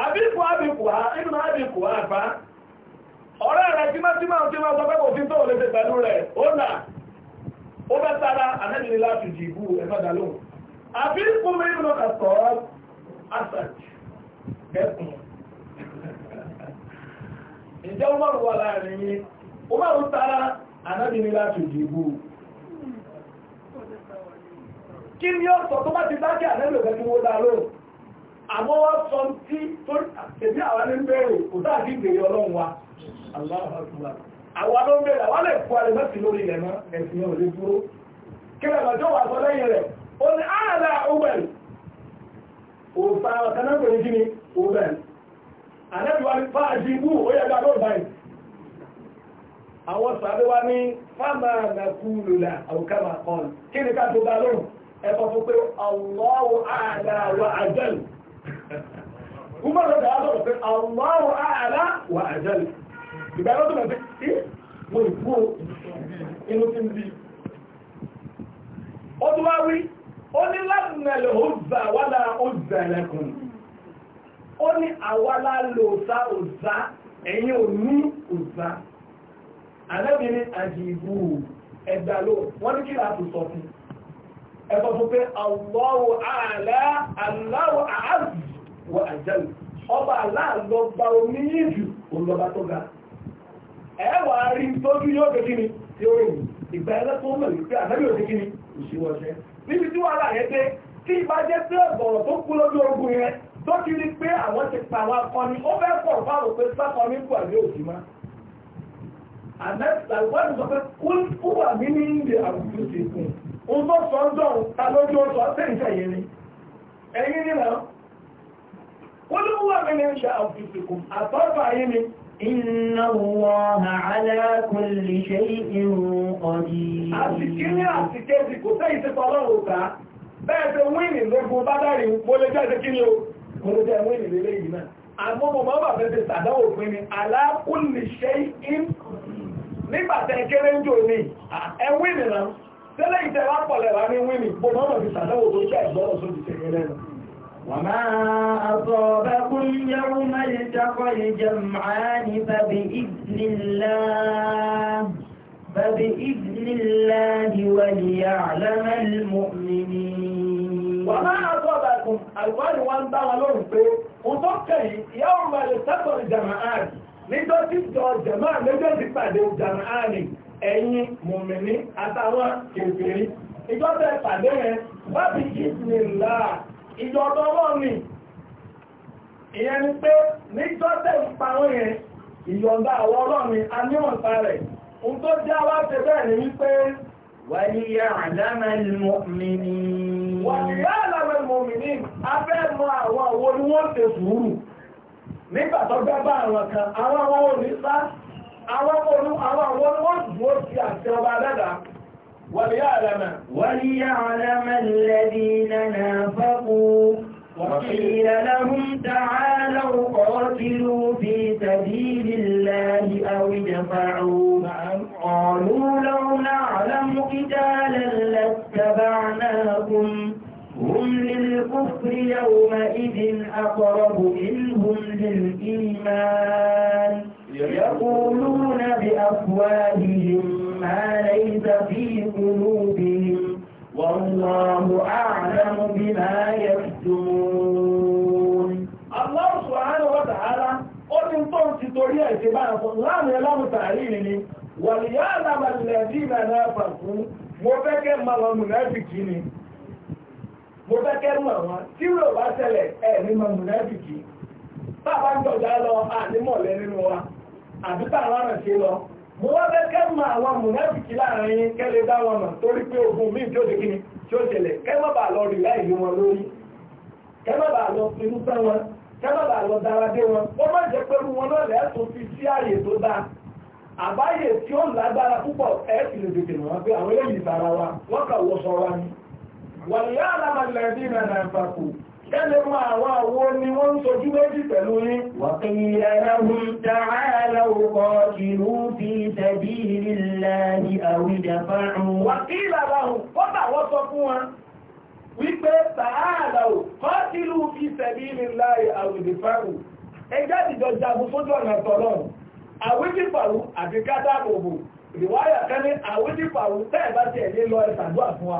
àbíkù àbíkù ha inú àbíkù ọ̀rẹ́ rẹ̀ tí má tí tí sí tó lè ǹjẹ́ ó mọ̀rùn wà láàrin yín ó mọ̀rùn tara ànábì ní láti kí ni ó sọ tó bá ti dákẹ́ ànábì ọ̀fẹ́ tí wọ́n dá lóò àmọ́ sọ tí tèmi ní bẹ̀rẹ̀ kò sáà sí ìbèrè ọlọ́run wa àwa ló bẹ̀rẹ̀ lè alẹ́ mẹ́sì lórí ẹ̀sìn àlẹ́bíwá ní fáàjì wú ó yẹ gbà lóòrùn báyìí àwọn sàbẹ́wá ní fáàmà nàkú lòlà àwòkàmà kan kí ni ká tó bá lóòrùn ẹ̀kọ́ fún pé Allahu a'la wa ajal Umar lọ́dọ̀ á sọ̀rọ̀ pé Allahu a'la wa ajal ìgbà ẹ̀rọ tó bẹ̀ pé kí mo ìkú o inú ti ń bí ó tún wá wí lè ó zà wálá ó zà lẹ́kùn ó ní àwálá lò sá òzá ẹ̀yin ò ní òzá àlẹ́bí ní àjìbù ẹ̀dà lò wọ́n ní kí láti sọ fún ẹ̀sọ́ fún pé Allahu àlá Allahu wọ àjẹ́lù ọba aláàlọ́gba omi yìí jù tó ga rí tójú yóò ni tí ó rìn ìgbà ẹlẹ́tọ́ mọ̀ wípé àtàbí òsì kí ni òṣìwọ̀ṣẹ́ níbi tí wàhálà yẹn dé tí ìbá jẹ́ sí tó ti rí pé àwọn ti pa àwọn akọni ó fẹ́ pọ̀ fáwọn pé sákọni kù àbí òsì má àmẹ́sà wọ́n ti sọ pé kú wà mí ní ilé àwùjọ ti kùn un tó sọ ń dọ̀rùn ta lójú ó sọ sí ìṣẹ̀yẹ ni ẹ̀yìn nìlá wọ́n ló wà mí ní ilé àwùjọ ti kùn àtọ́jú ayé mi Inna Allaha ala kulli shay'in qadir. Àṣìkí ní àṣìkẹ́ ti kò sẹ́yìn ti tọ́lọ́rùn ká, bẹ́ẹ̀ tó wíìnì lógún bá dárí mo lè jẹ́ ìṣẹ́kí ni o, mo ló jẹ́ ìwé ìrèlé yìí náà àmọ́ mo máa bàbẹ́ ti sàdáwò pín ní alákùnlé ṣe in nígbàtẹ̀ kéré ń jò ní ẹwí nìna tẹ́lẹ̀ ìtẹ́ wá pọ̀lẹ̀ wá ní wí ní mo máa bàbẹ́ sàdáwò tó jẹ́ ìgbọ́rọ̀ sójú tẹ̀yẹ lẹ́nu وما أصابكم يوم التقى lákùn àlùbáàdì wá ń dá wa lóhùn pé òun tó kẹ̀yìn ìyá òun máa lè sẹ́kọ̀ọ́ jàmáàdì níjọ́ tí jọ jàmáà méjèèjì pàdé jàmáàdì ẹ̀yin mùmìnì àtàwọn kèfèrí ìjọ tẹ pàdé yẹn wábí ìjọ ni ìyẹn ni pé níjọ́ tẹ yẹn ìyọ̀ǹda rẹ̀ tó jẹ́ wá ṣe bẹ́ẹ̀ ni wípé wáyé wà ní àlàrẹ̀ mọ̀mìnì abẹ́ mọ àwọn àwọn ni wọ́n ṣe sùúrù nígbà tó bẹ́ bá àwọn kan àwọn àwọn òní sá àwọn olú àwọn àwọn ni wọ́n dúró sí àti ọba dáadáa وليعلم وليعلم الذين نافقوا وقيل لهم تعالوا قاتلوا في سبيل الله أو ادفعوا قالوا لو نعلم قتالا لاتبعناكم هم للكفر يومئذ أقرب منهم للإيمان يقولون بأفواههم ما ليس في قلوبهم والله أعلم بما يكتمون الله سبحانه وتعالى قل انتم تتوريا اتباعا الله يلام تعليمني وليعلم الذين نافقوا وبكى مرمنا بكيني mo fẹ́ kẹ́ mọ̀ wọn tí rò bá ṣẹlẹ̀ ẹ̀ ní mọ̀ mùnáfìkì bàbá ń jọjà lọ ànímọ̀lẹ́ nínú wa àbí bàbá rẹ̀ ṣe lọ mo wá fẹ́ kẹ́ mọ̀ àwọn mùnáfìkì láàrin yín kẹ́lẹ́ dá wọn mọ̀ torí pé ogun míì tí ó ṣe kíni tí ó ṣẹlẹ̀ kẹ́ má bàa lọ rí láìlú wọn lórí kẹ́ má bàa lọ pinnu pẹ́ wọn kẹ́ má bàa lọ dára dé wọn ó má jẹ́ pé wọn náà lẹ́sùn fi sí àyè tó dáa àbáyè tí ó lágbára púpọ̀ ẹ̀ẹ́sì lè tètè mọ̀ wọn pé àwọn eléyìí wàlúyà alámàlẹ́dí nànà ìfàkù kẹ́lẹ̀ mọ́ àwọn àwọ ni wọ́n ń sojú méjì pẹ̀lú yín وَقِيلَ لَهُمْ تَعَالَوْ قَاتِلُوا فِي سَبِيلِ اللَّهِ أَوِ ادْفَعُوا وَقِيلَ لَهُمْ kọ́tà wọ́n sọ fún wọn wípé tààlàwò kọ́tìlú fi sabilillahi aw idfa'u ẹjá ìjọ jagun sójú ọ̀nà tọ́lọ́n àwídìfàwù àti kádàbòbò ìwáyà kẹ́ni àwídìfàwù tẹ́ẹ̀ bá tiẹ̀ ní lọ ẹ̀sàdúà fún wa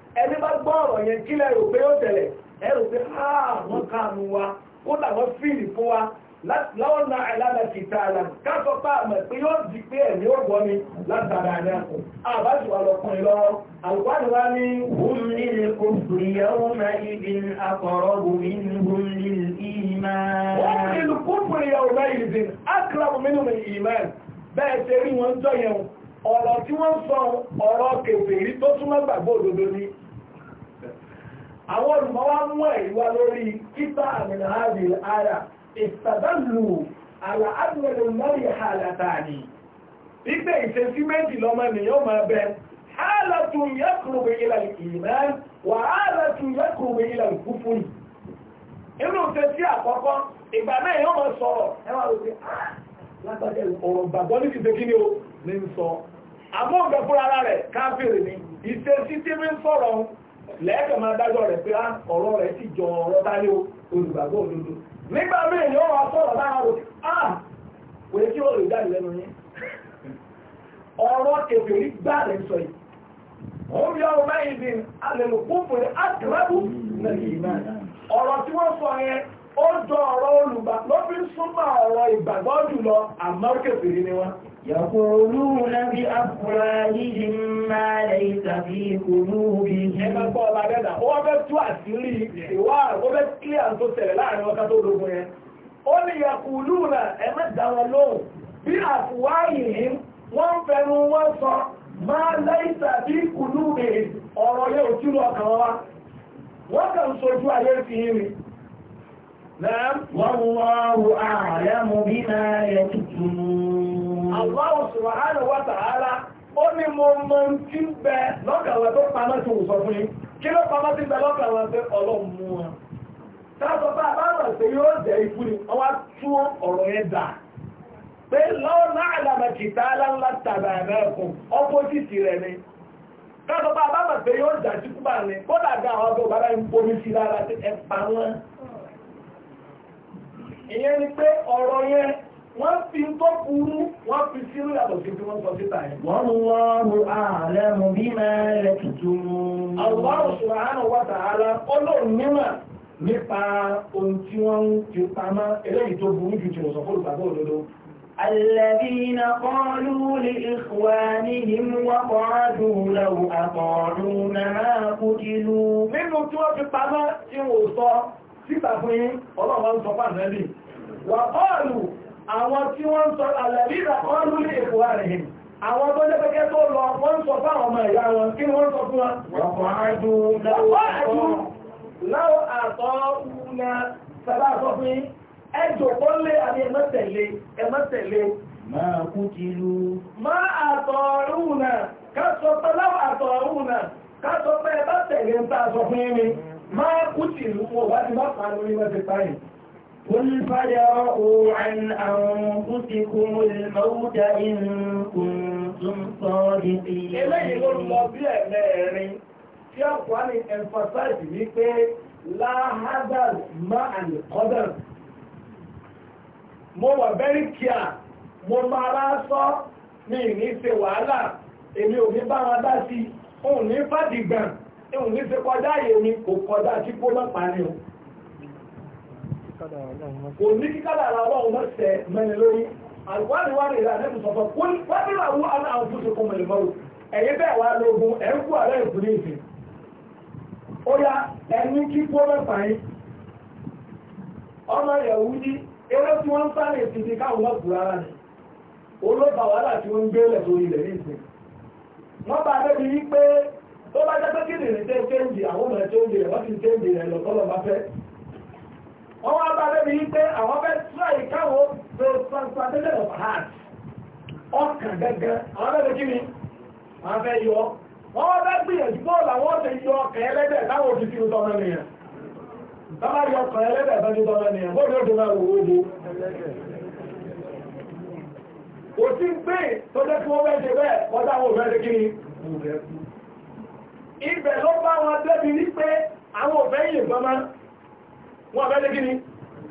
ẹni bá gbọ́ ọ̀rọ̀ yẹn kí lẹ́rù pé ó tẹ̀lẹ̀ ẹrù pé àwọn ah, kàánú wa ó làwọn fíìlì fún wa láwọn náà ẹ̀lànà kìtà àlà káàkọ́ pa àmọ̀ pé yóò di pé ẹ̀mí ó gbọ́ mi látara àná àbájú ọlọ́kùnrin lọ́wọ́ àwùkwáni wa ní. hum lil kufri yawma idin aqrabu minhum lil iman. hum lil kufri yawma idin aqrabu minhum lil iman bẹ́ẹ̀ ṣe rí wọn jọ yẹn ọ̀rọ̀ tí wọ́n sọ ọ̀rọ̀ kèfèrí tó túnmọ́ gbàgbọ́ òdodo ni àwọn olùmọ́ mọ́ ìwà lórí títà àmìnà àbí ara ìtàdánlù àlàádùnlẹ̀ lórí hàlàtàní wípé ìṣesí méjì lọ́mọ ìgbà náà yóò ẹwà lágbàjẹ́ ọ̀rọ̀ gbàgbọ́ ní fìdé kí ni ó ní ń sọ àmọ́ ọ̀gá fúnra ara rẹ̀ káfíìrì ni ìṣe sí tí mi ń sọ̀rọ̀ lẹ́ẹ̀kẹ̀ máa dájọ́ rẹ̀ pé ah, ọ̀rọ̀ rẹ̀ sì jọ ọ̀rọ̀ táyé olùgbàgbọ́ òdodo nígbà míì ni ó wà sọ̀rọ̀ bá wọn à kò yẹ kí ó lè jáde lẹ́nu yín ọ̀rọ̀ kèfèrí gbà rẹ̀ sọ yìí òun yọ ọmọ ìdìn alẹ́lùkúfù ní àtìrẹ́bù ó jọ ọ̀rọ̀ olùgbà ló fi ọ̀rọ̀ ìgbàgbọ́ jùlọ àmọ́ ni wọ́n. Yaquluna bi afwahihim ma laysa fi qulubihim. Ẹgbẹ́ pọ̀ ọba dẹ́dà, ó wọ́n fẹ́ dogun bí afwahihim wọ́n ọ̀rọ̀ yẹn ò kàn wá. Wọ́n kàn sojú ayé fi والله أعلم بما يكتمون الله سبحانه وتعالى ó ní mo mọ tí ń bẹ lọ́kàwẹ́ tó pamọ́ tí mo sọ fún yín kí ló pamọ́ tí ń bẹ lọ́kàwẹ́ pé ọlọ́run wọn táàbọ̀ bá àbáwọ̀ pé yóò jẹ́ ikú ni wọ́n tún ọ̀rọ̀ yẹn dà pé lọ́wọ́ náà àlàmàkì tá a tàbí àmẹ́kùn ọ́pọ́sìtì rẹ̀ ni táàbọ̀ bá àbáwọ̀ pé yóò jà sí kúbà ni kódà gan àwọn ọgbọ̀n bàbá ń ìyẹn ni pé ọ̀rọ̀ yẹn wọ́n fi tó burú wọ́n fi sínú yàtọ̀ sí bí wọ́n sọ síta yẹn. wọ́n lọ́rù àlẹ́mu bí máa lẹ tuntun. Allahu subhanahu wa ta'ala olóòmímà nípa ohun tí wọ́n ń fi pamọ́ eléyìí tó burú ju tìmọ̀ sọ fóòlù pàtó òdodo. الذين قالوا لإخوانهم وقعدوا لو أطاعونا ما قتلوا. nínú tí wọ́n fi síta fún yí ọlọ́wọ́ ń sọ pàtàkì wà kọ́ọ̀lù àwọn tí wọ́n ń sọ àlẹ́rí ìràkọ́ọ̀lù ní èkó àrẹ̀hìn àwọn tó jẹ́ pẹ́kẹ́ tó lọ wọ́n sọ fáwọn ọmọ ìyá wọn kí wọ́n sọ fún wọn wọ́n àdùn láwọ́ àtọ́ na sábà sọ fún yí ẹjọ́ kọ́ lé àbí ẹmọ́tẹ̀lé ẹmọ́tẹ̀lé máa kú ti lu máa àtọ̀ọ̀rùn náà ká sọ pé láwọ́ àtọ̀ọ̀rùn náà ká sọ pé ẹbá tẹ̀lé máa kú tì lù wọ́n wá ti bá pa lórí wọ́n ti parí. قل فدرؤوا عن أنفسكم الموت إن كنتم صادقين. eléyìí ló lọ bí ẹ̀mẹ́rin tí ọ̀pọ̀ á ní emphasize wípé láhádàl máa àlùkọ́dàl mo wà very care mo máa rá sọ ní ṣe wàhálà èmi ò ní bá wọn dá sí òun ní fàdìgbàn ìhùn ní ṣe kọjá mi kò kọjá tí kó má pa o kò ní kí kádàrà ọlọ́run má ṣẹ mẹ́ni lórí àlùwárí wá rèé àdébù sọ̀tọ̀ wọ́n nílò àwọn àwọn àwọn tó ṣe kọ́ mọ́rù ẹ̀yẹ bẹ́ẹ̀ lóògùn ẹ̀ ń kú ààrẹ ìbùdó ó yá ẹni kí kó pa yín ọmọ eré tí wọ́n ń káwọn tó bá jẹ́ pé wọ́n ti kéńjì rẹ̀ àwọn fẹ́ tíráì káwọn ṣe transplantation of heart ọkàn gẹ́gẹ́ ni wọ́n fẹ́ yọ wọ́n wá bá gbìyànjú bọ́ọ̀lù àwọn ọ̀sẹ̀ ó dùn náà wò òtí ń tó jẹ́ kí wọ́n fẹ́ bẹ́ẹ̀ wọ́n ibẹ̀ ló bá wọn débi pé àwọn òbẹ́yìn ìbọn wọ́n bẹ́ lẹ́gí ni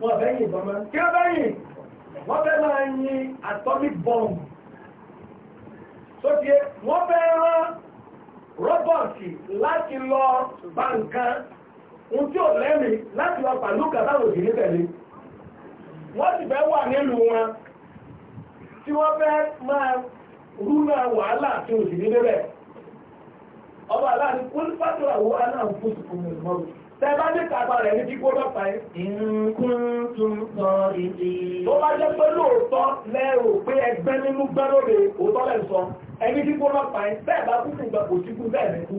wọ́n bẹ́yìn ìbọn kí wọ́n bẹ́yìn wọ́n bẹ́ máa yin atomic bomb sókè wọ́n bẹ́ rán rọ́bọ̀tì láti lọ bá nǹkan ohun tí ò lẹ́mìí láti lọ pàlú kàtà òsì ní tẹ̀lé wọ́n sì fẹ́ wà nílùú wọn tí wọ́n fẹ́ máa wàhálà tí òsì ọba aláàrin kó ní pàtó àwọ aláàrin fún ìkùnmù ìmọ̀rù tẹ́bá ní kàbà rẹ̀ ní kíkó lọ́pàá yẹn. ìrùnkún tún sọ ìdí. tó bá jẹ́ pé lóòótọ́ lẹ́rò pé ẹgbẹ́ nínú gbẹ́rọ̀rẹ̀ òótọ́ lẹ́ sọ ẹni kíkó lọ́pàá yẹn bẹ́ẹ̀ bá kúkú gba òtíkú bẹ́ẹ̀ ní kú.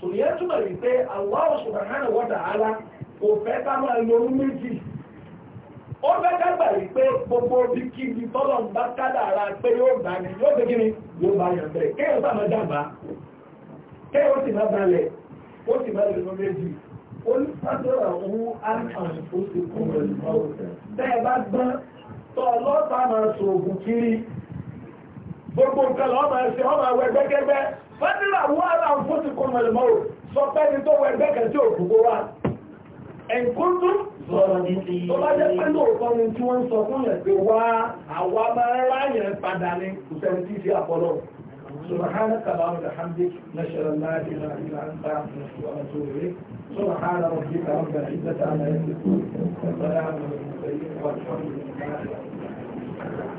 sòyẹ́ túmọ̀ wípé Allah subhanahu wa ó fẹ́ kágbà yìí pé gbogbo bí kí ni tọ́lọ̀ ń bá kádà ara pé yóò bá ní yóò fi kíni yóò bá yàn bẹ́ẹ̀ kéèyàn bá máa dàgbà kéèyàn ó sì máa balẹ̀ ó sì máa lè lọ méjì olùpàdéwà òun àǹfààní ó sì kú pẹ̀lú ọ̀rọ̀ bẹ́ẹ̀ bá gbọ́n tọ́ ọlọ́pàá máa sọ ògùn kiri gbogbo nǹkan lọ́wọ́ máa ṣe ọmọ àwẹ̀ gbẹ́gbẹ́gbẹ́ fẹ́dúrà wọ́n ara ń fún ti kún mọ̀lẹ́mọ́ sọ pé ní tó wẹ gbẹ́kẹ̀ sí òkú wa ẹ̀ńkúndún sọ́ọ̀dìdì. tó bá jẹ́ pé lóòótọ́ ni tí wọ́n ń sọ fún yẹn pé wá àwa máa ń ráyẹ̀ padà ní kò sẹ́ni tí ì fi àpọ̀lọ́. سبحانك اللهم وبحمدك نشهد ان لا اله الا انت نستغفرك ونتوب اليك سبحان ربك رب العزه عما يصفون وسلام على المرسلين والحمد لله